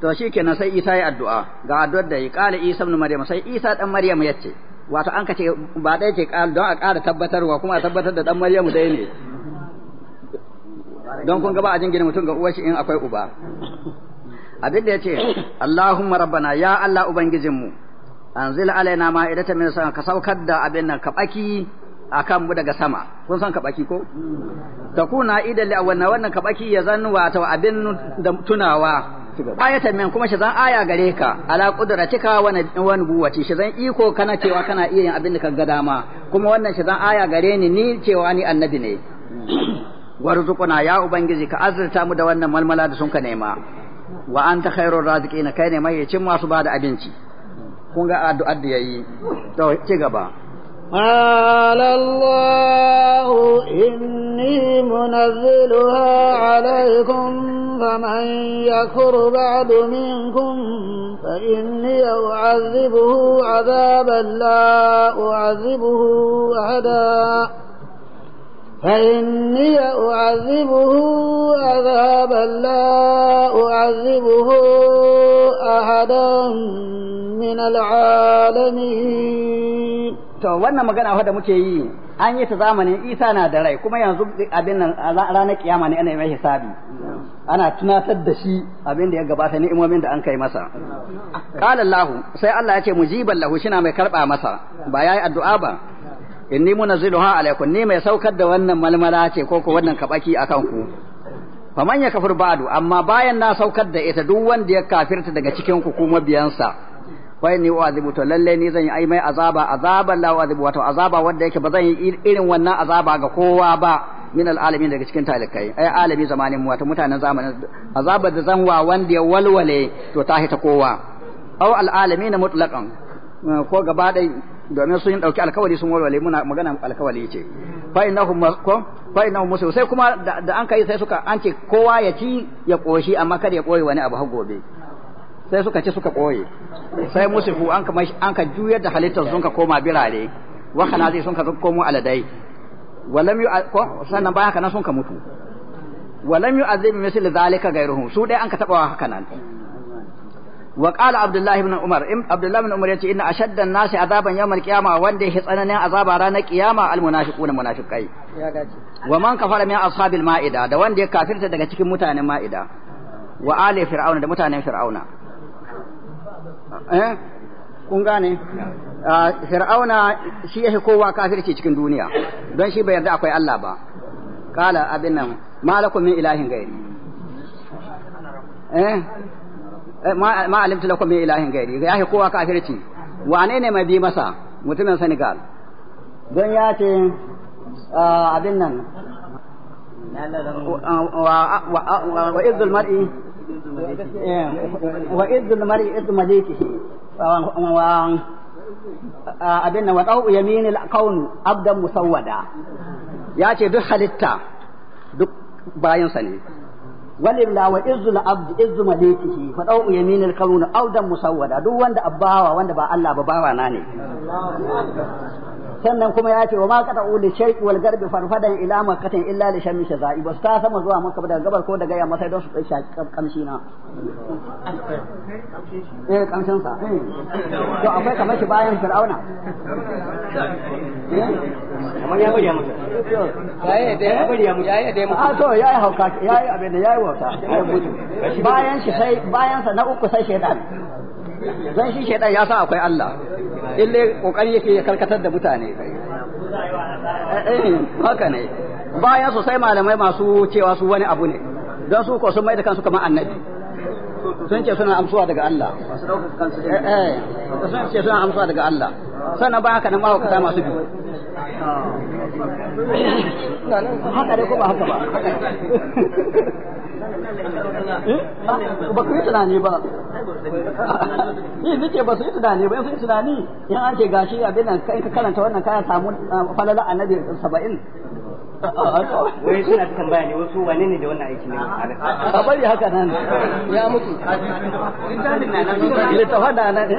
to shikenan sai Isa ya addu'a ga addu'ar da ya ƙala Isa ibn Maryam sai Isa dan Maryam ce wato an kace ba ɗaya ke ƙala don a ƙara tabbatarwa kuma a tabbatar da dan Maryam dai ne don kun ga ba a jingina mutum ga uwar shi in akwai uba abin da ce Allahumma rabbana ya Allah ubangijinmu anzil alaina ma'idatan min sama ka saukar da abin nan ka baki akan mu daga sama kun san kabaki ko takuna idan li wannan wannan kabaki ya zan wato abin da tunawa ayatan men kuma shi zan aya gare ka ala kudratika wa wani buwaci shi zan iko kana cewa kana iya yin abin da ka ga dama kuma wannan shi zan aya gare ni ni cewa ni annabi ne warzuquna ya ubangiji ka azurta mu da wannan malmala da sun ka nema wa anta khairur raziqina kai ne mai cin masu bada abinci kun ga addu'ar da yayi to ci gaba قال الله إني منزلها عليكم فمن يكفر بعد منكم فإني أعذبه عذابا لا أعذبه أحدا فإني أعذبه عذابا لا أعذبه أحدا من العالمين to wannan magana da muke yi an yi ta zamanin isa na da rai kuma yanzu abin nan ranar kiyama ne ana mai hisabi ana tunatar da shi abin da ya gabata ni'imomin da an kai masa qala allah sai allah ya ce mu mujiban lahu na mai karɓa masa ba yayi addu'a ba inni munazziluha alaikum ni mai saukar da wannan malmala ce ko ko wannan kabaki akan ku faman ya kafir ba'du amma bayan na saukar da ita duk wanda ya kafirta daga cikin ku kuma biyansa wa inni u'adhibu to lalle ni zan yi ai mai azaba azaba la u'adhibu wato azaba wanda yake ba zan yi irin wannan azaba ga kowa ba min alalamin daga cikin talikai ai alami zamanin mu wato mutanen zamanin azabar da zan wa wanda ya walwale to ta hita kowa aw alalamin mutlaqan ko gaba dai domin sun dauki alkawari sun walwale muna magana alkawari ce fa innahum ko fa innahum musu sai kuma da an kai sai suka an ce kowa ya ci ya koshi amma kada ya koyi wani abu har gobe sai suka ci suka koye sai musifu an ka an ka juyar da halittar sun ka koma birane birare na zai sun ka komo aladai walam yu ko sannan baya kana sun ka mutu walam yu azib misli zalika gairuhum su dai an ka taba haka nan wa qala abdullahi ibn umar abdullahi ibn umar yace inna ashadda an-nasi azaban yawm al-qiyamah wanda yake tsananin azaba ranar qiyama al-munafiquna munafiqai wa man kafara min ashabil ma'ida da wanda ya kafirta daga cikin mutanen ma'ida wa ali fir'auna da mutanen fir'auna eh kun gane fir'auna shi yake kowa kafirci cikin duniya don shi bai yarda akwai Allah ba kala abin nan malakum min ilahin gairi eh ma alimtu lakum min ilahin gairi Ya yake kowa kafirci wane ne mai bi masa mutumin Senegal don ya ce abin nan wa wa wa wa izzul mar'i izzu malikihi wa abinna wa dau yaminil qaunu abdan musawwada ya ce duk halitta duk bayansa ne walilla wa izzul abdi izzu malikihi fa dau yaminil kaunu abdan musawwada duk wanda abbawa wanda ba Allah ba bawa na ne sannan kuma ya ce wa ma kata uli shay'i wal garbi farfadan ila makkatin illa li shammi shaza'i ba ta sama zuwa makka daga gabar ko daga yamma sai don su sha kamshi na eh kamshin sa eh. to akwai kamar shi bayan fir'auna eh? kamar ya bari yayi ah, da ya bari yayi da ya to yayi hauka yayi abin da yayi bayan shi sai bayan sa na uku sai shaytan Zan shi shaidan ya san akwai Allah ille kokari yake ya karkatar da mutane eh, haka ne bayan su sai malamai masu cewa su wani abu ne don su ko sun mai da kansu kamar annabi sun ce suna amsuwa daga Allah eh, eh. sun ce suna amsuwa daga Allah sannan ba haka nan mahaukata masu biyu haka ne ko ba haka ba Eh? ba ku yi tunani ba ne ce ba su yi tunani ba su yi tunani in an gashi a binan kai ka karanta wannan kaya samu ah, falala annabi saba'in wai suna tambaya ne wasu wane ne da wannan aiki ne a bari haka nan ya mutu littafin na nan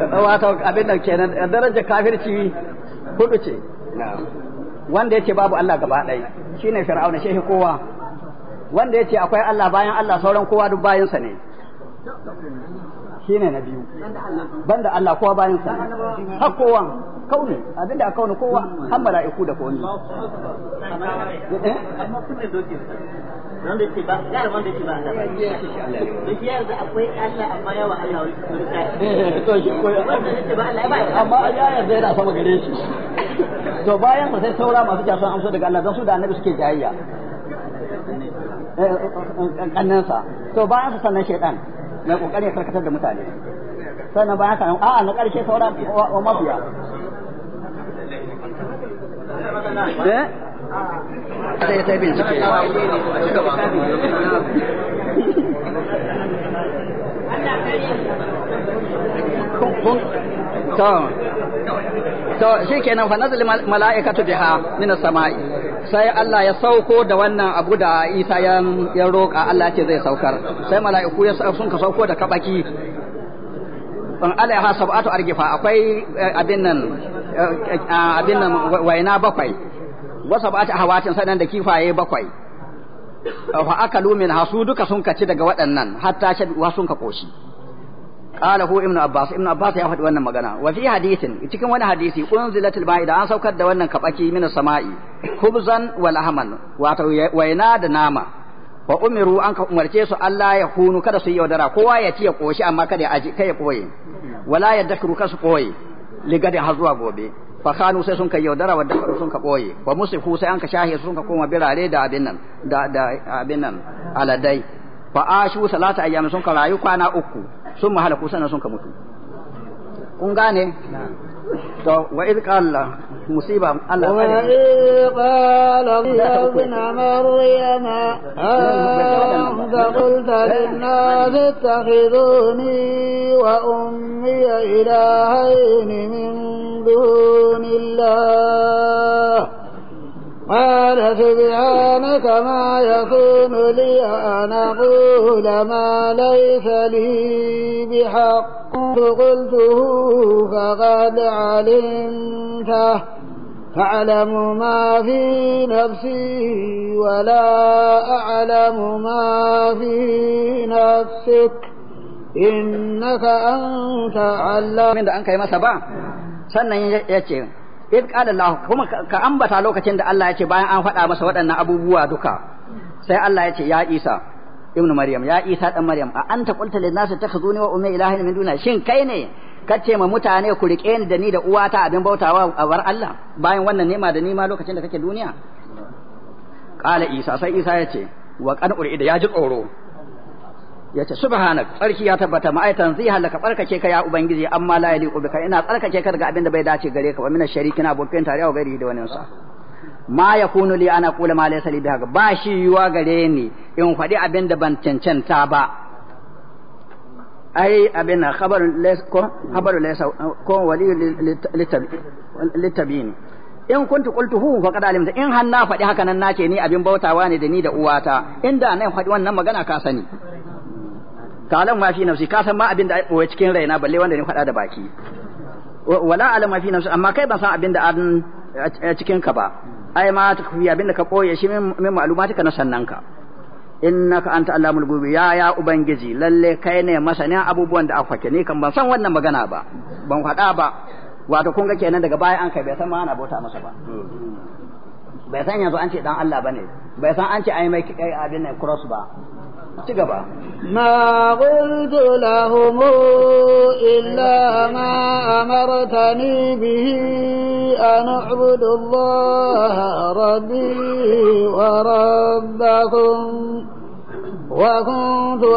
eh wato abin nan kenan darajar kafirci hudu ce wanda yace babu Allah gaba ɗaya shine fir'auna shehi kowa wanda yace akwai Allah bayan Allah sauran kowa duk bayan sa ne shine na biyu banda Allah kowa bayan sa ne har kowa kauni abinda a kauni kowa har mala'iku da kowa eh? da ba da eh, ba Allah ba da akwai Allah Allah shi ba Allah ba ya sama gare shi to bayan sa sai saura masu jasan amso daga Allah don su da annabi suke jayayya eh, eh, eh, kannan sa to bayan sa sannan shaitan mai kokari ya karkatar da mutane sannan bayan sa a na karshe saura wa mafiya sai ya taibin suke kun kun to shi shikenan fa mala'ika mala'ikatu biha min as-sama'i sai Allah ya sauko da wannan abu da Isa ya ya Allah ce zai saukar sai mala'iku ya sun ka sauko da kabaki an alaiha sab'atu argifa akwai eh, abin nan eh, ah, abin nan waina bakwai wa sab'atu hawatin sanan da kifaye bakwai fa akalu min hasu duka sun kaci daga waɗannan hatta shadu sun ka koshi qala hu ibnu abbas ibnu abbas ya faɗi wannan magana wa fi hadithin cikin wani hadisi unzilatil ma'ida an saukar da wannan kabaki min sama'i khubzan wal ahman wato waina da nama wa umiru an ka umarce su Allah ya hunu kada su yaudara kowa ya ci ya koshi amma kada ya aji kai ya koye wala ya dakaru kasu koye ligadi har zuwa gobe fa kanu sai sun kai yaudara wa dakaru sun ka koye wa musifu sai an ka shahi sun ka koma birare da abin nan da da abin nan aladai fa ashu salata ayyam sun ka rayu kwana uku sun mahalaku sannan sun ka mutu kun gane to wa idh qala musiba Allah wa idh qala ibn maryam anta qulta linnas ittakhiduni wa ummi ilahayn min dunillah قال سبحانك ما يكون لي أن أقول ما ليس لي بحق قلته فقد علمته تعلم ما في نفسي ولا أعلم ما في نفسك إنك أنت علام من أنك يا مسبا سنة يتشين id qala Allah kuma ka ambata lokacin da Allah ya ce bayan an faɗa masa waɗannan abubuwa duka sai Allah ya ce ya Isa ibnu Maryam ya Isa dan Maryam a anta qulta lin nasi takhuzuni wa ummi ilahin min duna shin kai ne kace ma mutane ku rike ni da ni da uwata abin bautawa a bar Allah bayan wannan nema da nima lokacin da kake duniya qala Isa sai Isa ya ce wa qad urida ya ji tsoro ya ce subhanak tsarki ya tabbata ma'aitan zai halaka tsarkake ka ya ubangiji amma la yaliqu bika ina tsarkake ka daga abin da bai dace gare ka ba mina shariki na abokin tare a gari da wani sa ma yakunu li ana qula ma laysa li bihaga ba shi yuwa gare ni in faɗi abin da ban cancanta ba ai abin khabar laysa ko khabar laysa ko wali litabini in kuntu fa qad alimta in hanna faɗi haka nan nace ni abin bautawa ne da ni da uwata inda nan faɗi wannan magana ka sani ta'lam ma fi nafsi ka san ma abin da ya boye cikin raina balle wanda ne faɗa da baki wala alama fi nafsi amma kai ban san abin da an cikin ka ba ai ma ta kufi abin da ka koye shi min ka na sannan ka innaka anta allamul gubi ya ya ubangiji lalle kai ne masanin abubuwan da akwake ne kan ban san wannan magana ba ban faɗa ba wato kun ga kenan daga baya an kai bai san ma ana bauta masa ba bai san yanzu an ce dan Allah bane bai san an ce ai mai kai abin nan cross ba ci gaba ma qultu lahum illa ma bihi an a'budu allaha rabbi wa rabbakum wa kuntu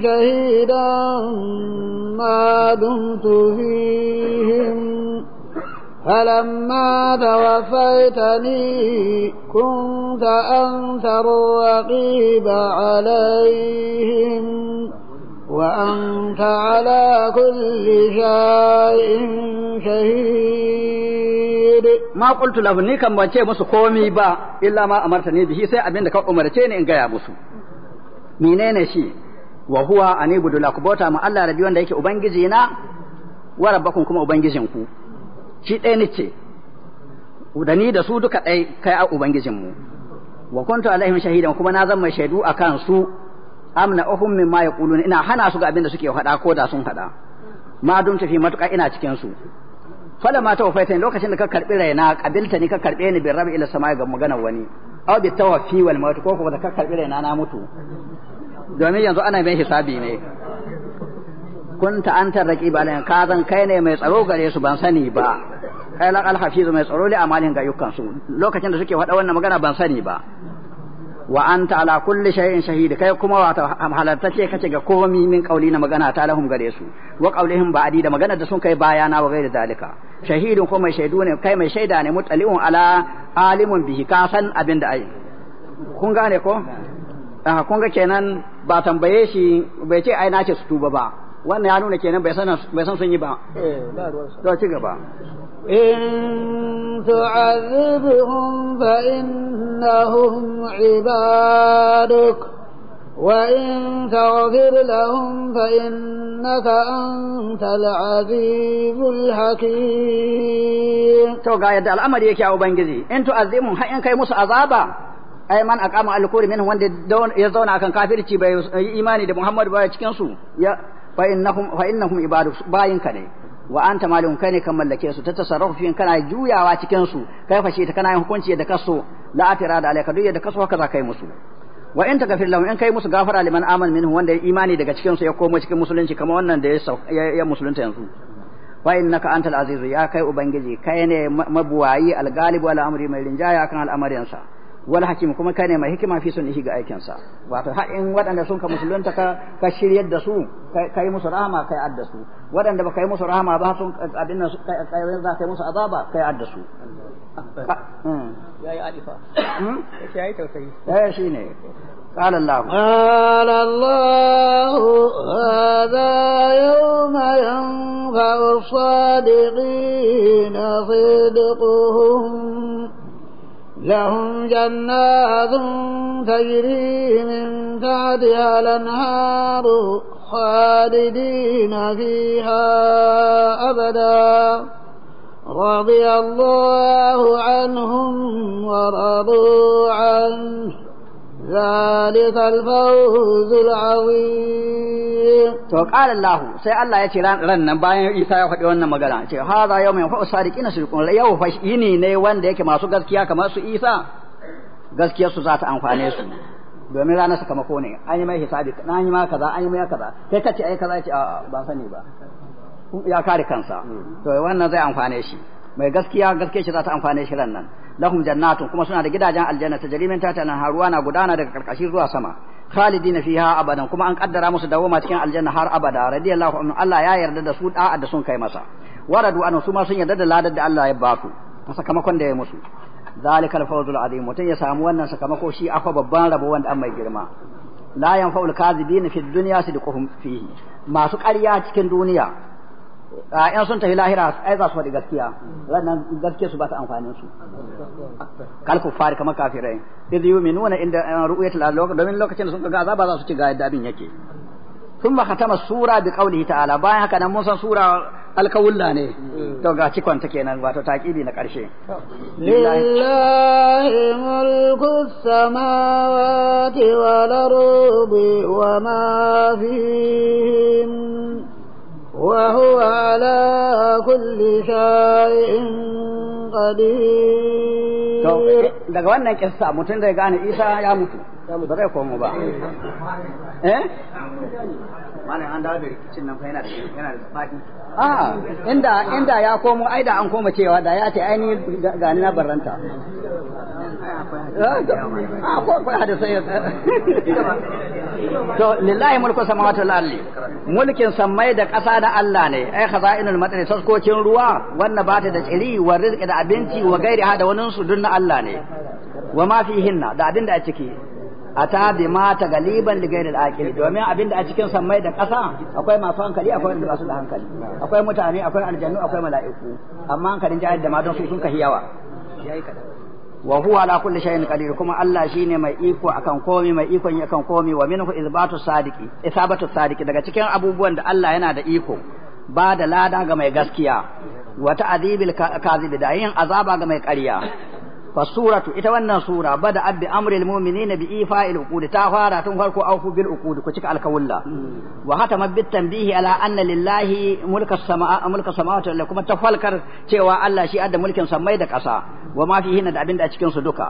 shahidan ma dumtu فلما توفيتني كنت أنت الرقيب عليهم وأنت على كل شيء شهيد ما قلت له ني كان بance musu komi ba illa ma amartani bihi sai abin da ka umarce ni in gaya musu menene shi wa huwa anibudu lakubota ma Allah da wanda yake ubangiji na wa rabbakum kuma ubangijinku shi ɗaya nake da ni da su duka ɗaya kai a ubangijinmu wa kuntu alaihim shahidan kuma na zama shaidu a kansu amna uhum mimma yaqulun ina hana su ga abin da suke faɗa ko da sun faɗa ma dum matuƙa ina cikin su fala ma tawfaita lokacin da ka karbi raina kabilta ni ka karbe ni bin rabi ila samai ga maganar wani aw bi tawfi wal maut ko kuma da ka karbi raina na mutu domin yanzu ana mai hisabi ne kunta anta raqiba ka zan kai ne mai tsaro gare su ban sani ba alhafizu mai tsaro li amalin ga ayyukansu lokacin da suke faɗa wannan magana ban sani ba wa anta ala kulli shay'in shahid kai kuma wato halartacce kace ga komi min qauli na magana ta lahum gare su wa qaulihim ba'di da magana da sun kai bayana wa gaira dalika shahidun kuma shaidu ne kai mai shaida ne mutali'un ala alimun bihi ka san abin da ai kun gane ko ah kun ga kenan ba tambaye shi bai ce ai na ce su tuba ba wannan ya nuna kenan bai san bai san sun yi ba eh, ba to ci gaba إن تعذبهم فإنهم عبادك وإن تغفر لهم فإنك أنت العزيز الحكيم تو ga yadda al'amari yake a ubangiji in tu'azzimu har in kai musu azaba ai man aqama al-kufri minhum wanda ya zauna kan kafirci bai imani da Muhammad ba cikin cikinsu ya fa innahum ka ne wa anta malikun kai ne kan mallake su ta tasarrafu fiyin kana juyawa cikin su kai fashe ta kana yin hukunci da kaso la atira da alayka duk da kaso haka za kai musu wa in tagfir lahum in kai musu gafara liman aman minhu wanda ya imani daga cikin su ya komo cikin musulunci kamar wannan da ya musulunta yanzu wa innaka antal azizu ya kai ubangiji kai ne mabuwayi algalibu ala amri mai rinjaya kan al'amarin sa wal hakim kuma kai ne mai hikima fi sun ga aikin sa wato ha in waɗanda sun ka musulunta ka ka shiryar da su kai musu rahama kai adda su waɗanda ba kai musu rahama ba sun abin nan kai za kai musu azaba kai adda su yayi alifa yayi tausayi eh shine قال الله قال الله هذا يوم ينفع الصادقين صدقهم لهم جنات تجري من تحتها الأنهار خالدين فيها أبدا رضي الله عنهم ورضوا عنه ذلك الفوز العظيم to qala Allah sai Allah ya ce ran nan bayan Isa ya faɗi wannan magana ce hadha yawmin fa usadiqina sirqun yau fa yini ne wanda yake masu gaskiya kamar su Isa gaskiyar su za ta amfane su domin ranar sakamako ne an yi mai hisabi an yi ma kaza an yi mai kaza kai kace ai kaza ce a ba sani ba ya kare kansa hmm. to wannan zai amfane shi mai gaskiya gaskiya shi za ta amfane shi ran nan lahum jannatun kuma suna da gidajen aljanna ta jarimin ta tanan haruwa na gudana daga karkashi zuwa sama khalidina fiha abadan kuma an kaddara musu dawoma cikin aljanna har abada radiyallahu anhu Allah ya yarda da su da'a da sun kai masa waradu an su ma sun yarda da ladar da Allah ya ba su sakamakon da ya musu zalikal fawzul azim mutun ya samu wannan sakamako shi akwai babban rabo wanda an mai girma la yanfa'ul kadhibina fid dunya sidquhum fihi masu ƙarya cikin duniya Yan ah, sun tafi lahira ai za su faɗi gaskiya wannan gaskiya su ba ta amfanin su kal fari kamar kafirai iz yu'minuna inda eh, ru'yatul alaq domin lokacin da sun ga azaba za su ci ga yadda abin yake thumma khatama sura bi qawlihi ta'ala bayan haka nan musan sura alkawulla ne to ga cikon ta kenan wato taqibi na karshe lillahi mulku samawati wal ardi wa ma fihim وهو على كل شيء قدير daga wannan kissa mutum zai gane Isa ya mutu ba zai komo ba eh, eh? malam an dawo da rikicin nan fa yana da yana da fadi a ah, inda inda ya komo ai da an koma cewa da ya ce ai ni ga ni na barranta a ko ko hada sai to lillahi mulku samawati wal ardi mulkin samai da ƙasa da Allah ne ai khaza'inul matani saskokin ruwa wannan ba ta da tsiri wa rizqi da abinci wa gairi hada wannan su dunna Allah ne wa ma fihinna da abin da a ciki ata bi mata galiban li ghairil aqil domin abinda a cikin sammai da ƙasa akwai masu hankali akwai wanda basu da hankali akwai mutane akwai aljannu akwai mala'iku amma hankalin jahil da matan su sun kahi yawa wa huwa ala kulli shay'in qadir kuma Allah shine mai iko akan komai mai iko yin akan komai wa minhu izbatu sadiqi isabatu sadiqi daga cikin abubuwan da Allah yana da iko ba da lada ga mai gaskiya wa ta'dibil kadhib da yin azaba ga mai ƙarya fasuratu ita wannan sura bada abbi amril mu'minina bi ifa'il uqud ta fara tun farko aufu bil uqud ku cika alkawulla wa hatama bit tanbihi ala anna lillahi mulka samaa mulka samawati wal kuma tafalkar cewa Allah shi adda mulkin samai da kasa wa ma fihi da abinda a cikin su duka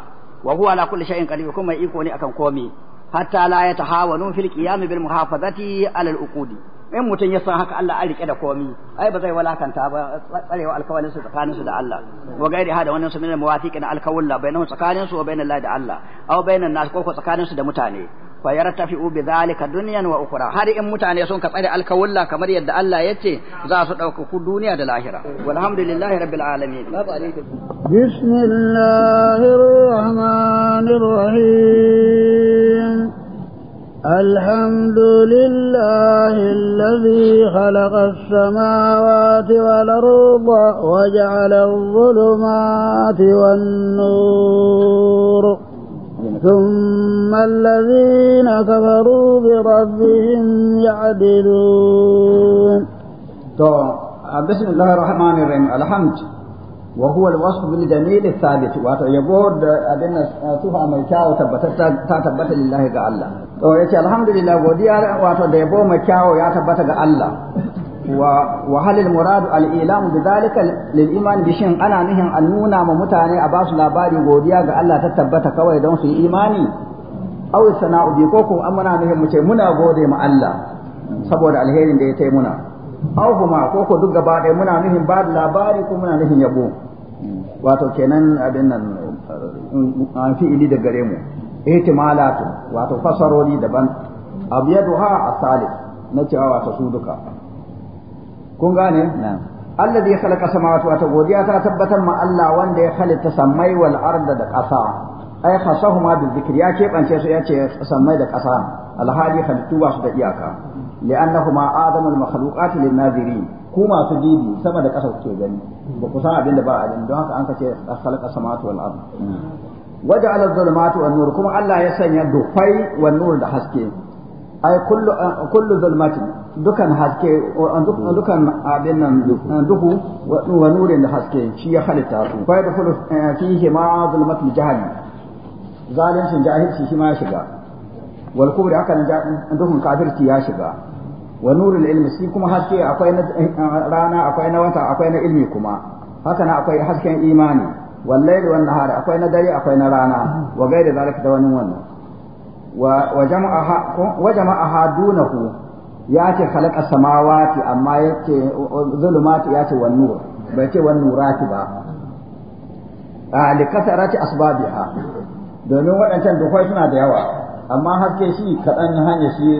wa huwa ala kulli shay'in qadir kuma iko ne akan komi hatta la yatahawanu fil qiyam bil muhafazati ala al uqudi in mutum ya san haka Allah an rike da komi ai ba zai walakanta ba tsarewa alkawalin su tsakanin su da Allah wa gairi hada wannan su min mawafiqin alkawalla bainahu tsakanin su wa bainal da Allah aw bainan nas ko tsakanin su da mutane fa yartafi'u bi zalika dunyan wa ukhra har in mutane sun ka tsare alkawalla kamar yadda Allah yace za su dauka ku duniya da lahira walhamdulillahi rabbil alamin bismillahir rahmanir rahim الحمد لله الذي خلق السماوات والأرض وجعل الظلمات والنور ثم الذين كفروا بربهم يعدلون بسم الله الرحمن الرحيم الحمد wa huwa al-wasf bil jamil wato yabo da abin nan mai kyawu tabbata ta tabbata lillahi ga Allah to yace alhamdulillah godiya wato da yabo mai kyawu ya tabbata ga Allah wa wa halil da al-ilam bidhalika lil shin ana nuhin an ma mutane a basu labari godiya ga Allah ta tabbata kawai don suyi imani aw sana'u bi ko ko amana nihin mu ce muna gode ma Allah saboda alherin da ya taimuna muna aw kuma ko ko duk gaba ɗaya muna nuhin ba labari ko muna nuhin yabo wato kenan abin nan an uh, uh, fi'ili da gare mu ihtimalatu wato fasaroli daban abyaduha asalis na cewa wato su duka kun gane na'am alladhi khalaqa samawati wa godiya ta tabbatan ma Allah wanda ya halitta samai wal arda da ƙasa ai khasahuma bi dhikri ya kebance su ya ce samai da ƙasa alhali halittu ba su da iyaka li'annahuma adamul makhluqati lin-nazirin ku masu dibi sama da ƙasa kuke gani ba ku san abin da ba a don haka an kace khalaqa samawati wal ard waja ala dhulumati wan nur kuma Allah ya sanya dufai wan nur da haske ai kullu kullu zulmati dukan haske dukan abin nan duhu wa nurin da haske shi ya halitta su fa yadkhulu shi eh, ma zulmatul jahali zalimin jahilci shi ma ya shiga wal kubri haka nan duhun kafirci ya shiga wa nurul ilmi shi kuma haske akwai na eh, eh, rana akwai na wata akwai na ilmi kuma haka na akwai hasken imani wallahi wannan har akwai na dare akwai na rana wa gaida zalika da wani wannan wa jama'a wa jama'a hadunahu ya ce khalaqa samawati amma yace zulumati ya ce wan nur bai ce wan nurati ba a likasarati asbabiha domin waɗancan dukwai suna da yawa amma haske shi kaɗan hanya shi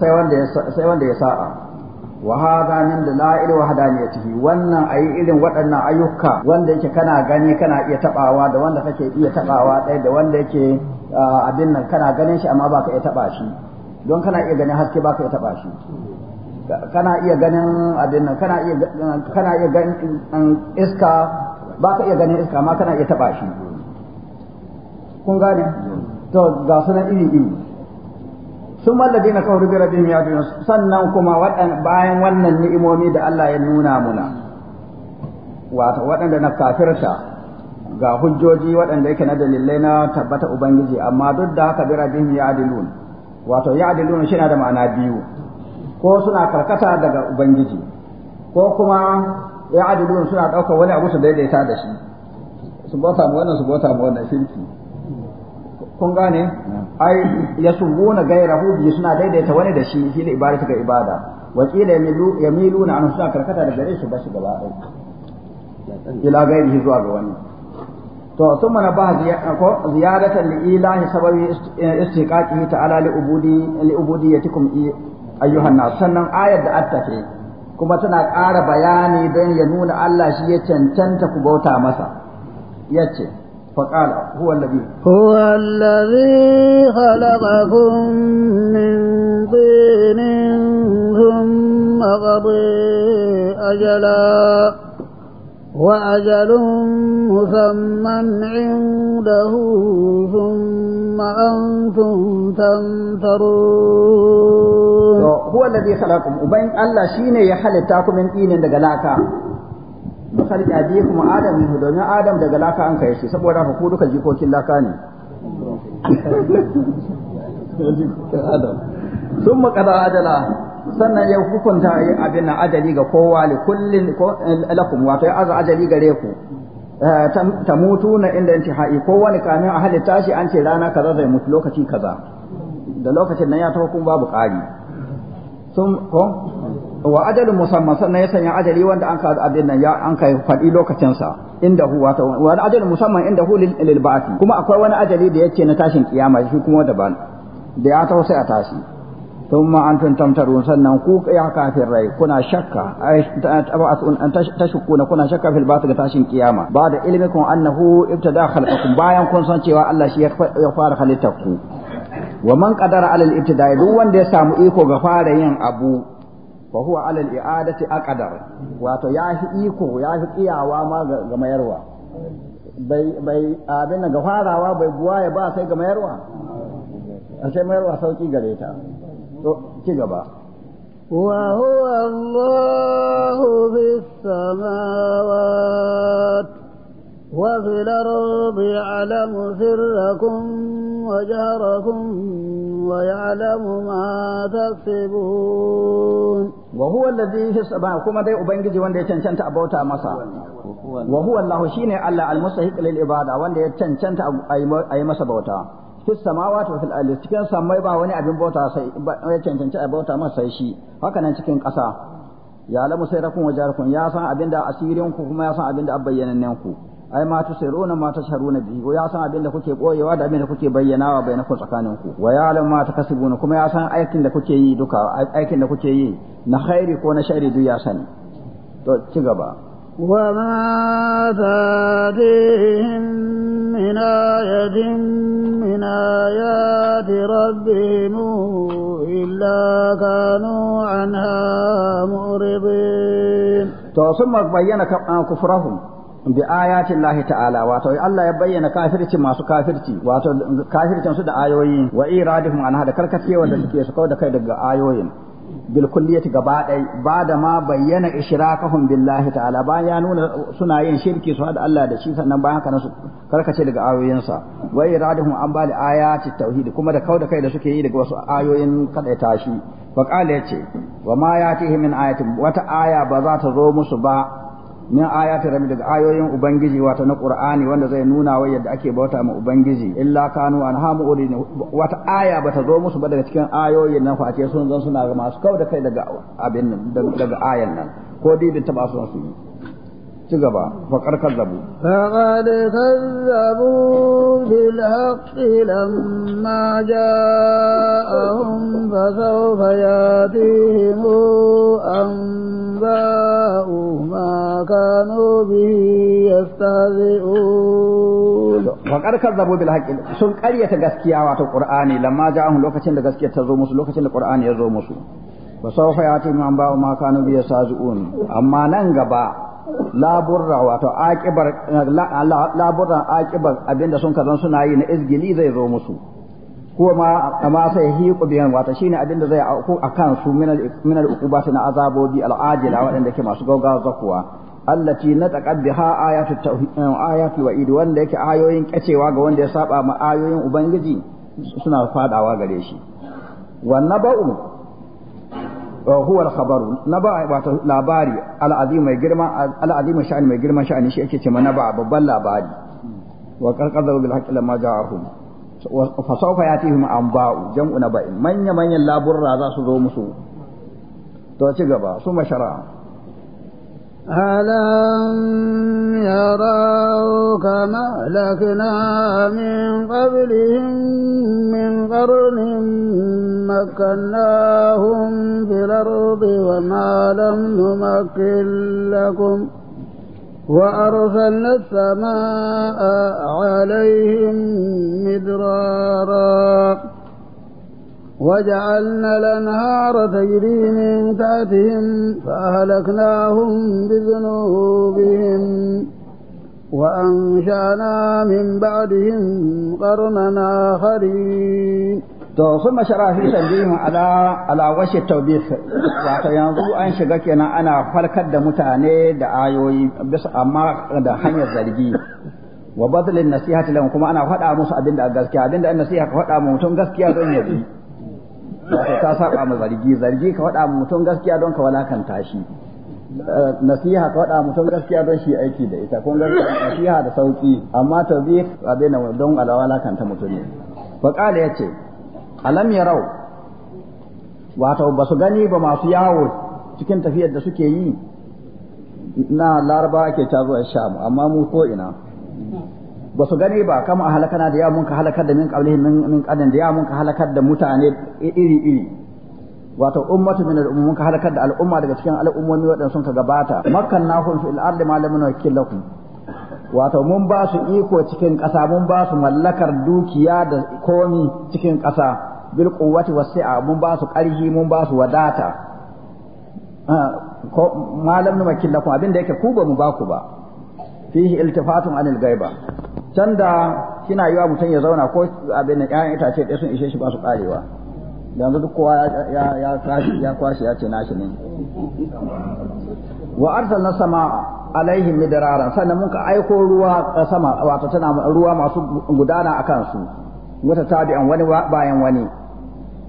sai wanda ya sai wanda ya sa'a wa hada min dalail wahdaniyatihi wannan ayi irin waɗannan ayyuka wanda yake kana gani kana iya tabawa da wanda kake iya tabawa ɗaya da wanda yake abin nan kana ganin shi amma baka iya taba shi don kana iya ganin haske baka iya taba shi kana iya ganin abin nan kana iya kana iya ganin um, iska baka iya ganin iska amma kana iya taba shi kun gane to ga sunan iri iri sun mallabi na kawar bira bin ya sannan kuma bayan wannan ni'imomi da Allah ya nuna muna wato waɗanda na kafirta ga hujjoji waɗanda yake na dalilai na tabbata ubangiji amma duk da haka bira bin ya wato ya shi na da ma'ana biyu ko suna karkata daga ubangiji ko kuma ya suna ɗaukar wani abu su daidaita da shi su mu wannan su bota mu wannan shirki kun gane ai gairahu bi suna daidaita wani da shi shi ne ga ibada wa qila yamilu an suna karkata da gare shi ba shi gaba ɗaya ila zuwa ga wani to sun mana ba ko ziyaratan li ilahi sababi ta'ala li ubudi li ubudiyatikum ayyuhan nas sannan ayat da attake kuma tana ƙara bayani don ya nuna Allah shi ya cancanta ku bauta masa yace فقال هو الذي هو الذي خلقكم من طين ثم قضي أجلا وأجل مسمى عنده ثم أنتم تمترون هو الذي خلقكم وبين الله شيني يحل تاكم من طين دقلاكا bi khalqi kuma adam minhu domin adam daga laka an kai shi saboda haka ku duka jikokin laka ne sun makada adala sannan ya hukunta abin ajali ga kowa li kullin eh, lakum wato ya aza ajali gare ku eh, ta mutu na inda yanci ha'i kowane kamin a halitta shi an ce rana kaza zai mutu lokaci kaza da lokacin nan ya taho kuma babu ƙari sun ko wa ajalin musamman sannan ya sanya ajali wanda an ka abin nan ya an kai faɗi lokacinsa inda hu wato wani ajalin musamman inda hu lil ba'ati kuma akwai wani ajali da yace na tashin kiyama shi kuma daban da ya taho sai a tashi thumma antum tamtarun sannan ku ya rai kuna shakka tab'atun an tashkuna kuna shakka fil ba'ati ga tashin kiyama ba da ilmikum annahu ibtada khalqakum bayan kun san cewa Allah shi ya fara halittar ku wa man qadara alal ibtida'i duk wanda ya samu iko ga fara yin abu fa huwa ala al-i'adati aqdar wato ya fi iko ya fi tsiyawa ma ga mayarwa bai bai abin ga farawa bai buwa ya ba sai ga mayarwa sai mayarwa sauki gare ta to ci gaba وهو الله في السماوات وفي الأرض يعلم سركم وجهركم ويعلم ما تكسبون وهو الذي في السماء كما دي أبنجي وان دي تنشنت أبوتا مسا وهو الله شيني الله المستحق للعبادة وان دي تنشنت أي مسا بوتا في السماوات وفي الأرض cikin sammai ba wani abin bauta sai ya cancanci a bauta masa sai shi haka nan cikin ƙasa ya lamu sai rakun wajarakun ya san abin da asirin ku kuma ya san abin da abbayyanan ku ai ma tusiruna ma tasharuna bihi ya san abin da kuke boyewa da abin da kuke bayyanawa bai ku tsakanin ku wa ya'lam ma takasibuna kuma ya san aikin da kuke yi duka aikin da kuke yi na khairi ko na shari duk ya sani to ci gaba wa ma tadihim min ayatin min ayati rabbihim illa kanu anha muridin to sun bayyana kufrahum bi ayatin lahi ta'ala wato Allah ya bayyana kafirci masu kafirci wato kafircin su da ayoyi wa iradihum an hada karkacewa da suke su da kai daga ayoyin bil kulliyati gaba ba da ma bayyana ishrakahum billahi ta'ala bayan ya nuna suna yin shirki su hada Allah da shi sannan bayan haka su karkace daga ayoyinsa wa iradihum an ba da ayati tauhid kuma da da kai da suke yi daga wasu ayoyin kada tashi fa qala yace wa ma yatihi min ayatin wata aya ba za ta zo musu ba min ayati rabbi daga ayoyin ubangiji wato na qur'ani wanda zai nuna wa yadda ake bauta ma ubangiji illa kanu an hamu urin wata aya bata zo musu ba daga cikin ayoyin nan face sun zan suna masu kau da kai daga abin nan daga ayan nan ko dai da su yi ci gaba faƙar kazzabu faƙad kazzabu bil haqqi lamma ja'ahum fa sawfa yatihim anba'u ma kanu bihi yastahzi'un faƙar kazzabu bil haqqi sun ƙaryata gaskiya wato qur'ani lamma ja'ahum lokacin da gaskiya ta zo musu lokacin da qur'ani ya zo musu fa sawfa yatihim anba'u ma kanu bihi yastahzi'un amma nan gaba laburra wato aqibar laburran aqibar abinda sun kazan suna yi na izgili zai zo musu kuma amma sai hiqu biyan wato shine abinda zai auku akan su minal minal na azabobi al'ajila waɗanda ke masu gaugawa zakuwa allati nataqab biha ayatu wa wa'id wanda yake ayoyin kacewa ga wanda ya saba ma ayoyin ubangiji suna fadawa gare shi wannan ba'u huwa al-khabaru naba wato labari al-azim mai girma al-azim sha'ani mai girma sha'ani shi yake ce mana ba babban labari wa qarqadahu bil haqqi lamma ja'ahum fa sawfa yatihim anba'u jam'u naba'in manya manyan laburra za su zo musu to ci gaba su mashara ألم يروا كما أهلكنا من قبلهم من قرن مكناهم في الأرض وما لم نمكن لكم وأرسلنا السماء عليهم مدرارا وجعلنا الأنهار تجري من تحتهم فأهلكناهم بذنوبهم وأنشأنا من بعدهم قرننا آخرين to sun mashara fi sabihin ala ala washe tawbih wato yanzu an shiga kenan ana farkar da mutane da ayoyi bisa amma da hanyar zargi wa badalin nasihati lahum kuma ana faɗa musu abinda gaskiya abinda an nasiha ka faɗa mutum gaskiya zan yabi ka saba ma zargi zargi ka faɗa mutum gaskiya don ka walakanta shi eh, nasiha ka faɗa mutum gaskiya don shi aiki da ita kun gaskiya nasiha da sauki amma a abin don alwalakanta mutum ne fa kala yace alam yarau wato ba su gani ba masu yawo cikin tafiyar da suke yi na laraba ake ta zuwa sham amma mu ko ina ba su gani ba kama a halakana da mun ka halakar da min qablihim min qadan da mun ka halakar da mutane iri iri wato ummatu min al mun ka halakar da al'umma daga cikin al'ummomi waɗanda sun ka gabata fi fil ardi ma lam nuwakkil lakum wato mun ba su iko cikin ƙasa mun ba su mallakar dukiya da komi cikin ƙasa bil quwwati wasi'a mun ba su ƙarfi mun ba su wadata ah, ko malam nuwakkil lakum abin da yake ku ba mu ba ku ba fihi iltifatun anil gaiba can da kina yiwa mutum ya zauna ko abin da ƴaƴan itace ɗaya sun ishe shi ba su ƙarewa yanzu duk kowa ya ya ya kwashi ya ce nashi ne wa na sama alaihim midrara sannan mun ka aiko ruwa sama wato tana ruwa masu gudana a kansu wata tabi'an wani bayan wani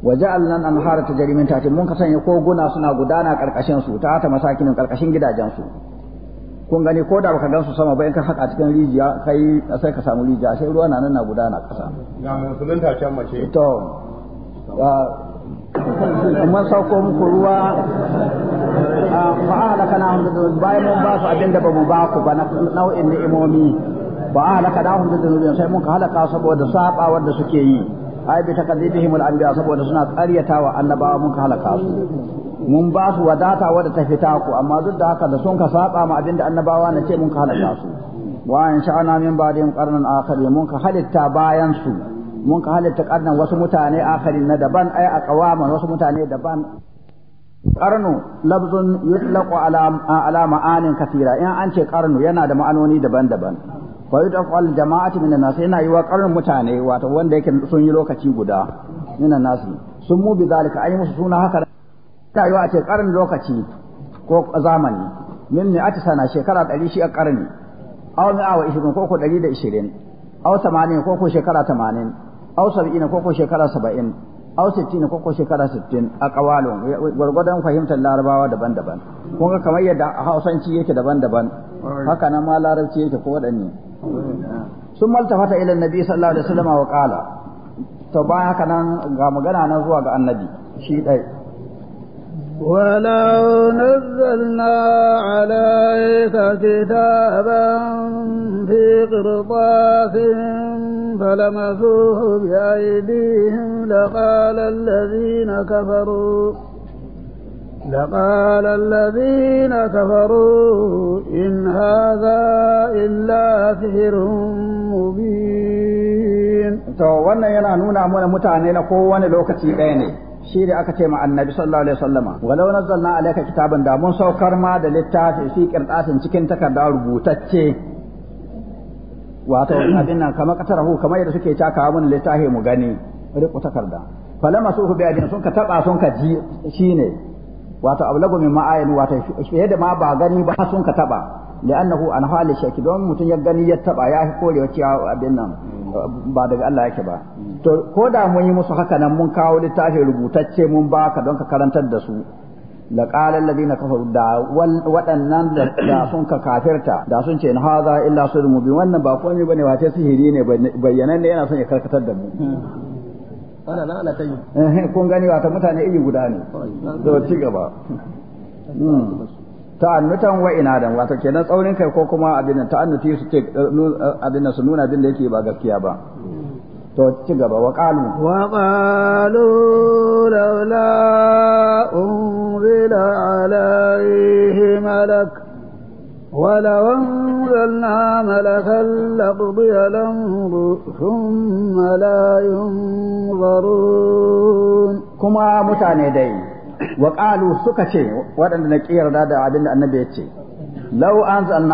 wa nan anhara harata jarimin tahti mun ka sanya koguna suna gudana karkashin su ta ta masakinin karkashin gidajen su kun gani ko da baka gan su sama ba in ka haka cikin rijiya kai sai ka samu rijiya sai ruwa na nan na gudana kasa ga musulun ta can mace to mun sauko muku ruwa fa'ala ahlaka na hum bayan mun ba su abin da mu ba ku ba nau'in ni'imomi a halaka na hum dhunubin sai mun ka halaka saboda saba wanda suke yi ai bi takadibihim al-anbiya saboda suna ƙaryatawa annabawa mun ka halaka su mun ba su wadata wadda ta fita ku amma duk da haka da sun ka saba ma abinda annabawa na ce mun ka halatta su wa an sha'ana min ba'din qarnan akhari mun ka halitta bayan su mun ka halitta karnan wasu mutane akhari na daban ay qawama wasu mutane daban qarnu labzun yutlaqu ala ala ma'anin kathira in an ce qarnu yana da ma'anoni daban-daban fa yutaqal al jama'ati min an-nas yana yi wa qarnun mutane wato wanda yake sun yi lokaci guda min an-nas sun mu bi zalika ai musu suna haka ta yi a ce ƙarin lokaci ko zamani min ne a sana shekara ɗari shi a ƙarni aw mi awa ishirin ko ko ɗari da ishirin aw tamanin ko ko shekara tamanin aw sab'ina ko ko shekara saba'in aw sittina ko ko shekara sittin a ƙawalin gwargwadon fahimtar larabawa daban-daban kun ga kamar yadda hausanci yake daban-daban haka nan ma larabci yake ko waɗanne sun maltafata ila nabi sallallahu alaihi wasallam wa qala to ba haka nan ga magana nan zuwa ga annabi shi ɗaya ولو نزلنا عليك كتابا في قرطاس فلمسوه بأيديهم لقال الذين كفروا لقال الذين كفروا إن هذا إلا سحر مبين. تو wannan yana nuna mana mutane na kowane lokaci ɗaya ne. shi da aka ce ma annabi sallallahu alaihi wasallama walau nazzalna alayka kitaban da mun saukar ma da littafi fi qirtasin cikin takarda rubutacce wato hmm. abin nan kamar katarahu kamar yadda suke caka mun littafi mu gani riƙo takarda falama suhu bi ajin sun ka taba sun ka ji shine wato ablagu min ma'ayin wato yadda ma ba gani ba sun ka taba li'annahu an hali shaki don mutum ya gani ya taba ya fi wa ciya abin nan hmm. ba daga Allah yake ba hmm. to ko da mun yi musu haka nan mun kawo littafin rubutacce mun baka don ka karantar da su la qala alladhina kafaru da waɗannan da sun ka kafirta da sun ce na haza illa sirrun mubin wannan ba komai bane wace sihiri ne bayyanan ne yana son ya karkatar da mu ana nan ana tayi eh, kun gani wata mutane iri guda ne to ci gaba hmm. ta'annutan wa inadan wato kenan tsaurin kai ko kuma abin ta'annuti su ce eh, eh, abin su nuna abin da yake ba gaskiya ba to ci gaba wa qalu wa qalu laula unzila alaihi malak ولو أنزلنا ملكا لقضي الأمر ثم لا ينظرون كما متعني دي وقالوا سكتي وأن نكير هذا عبد النبي لو أنزلنا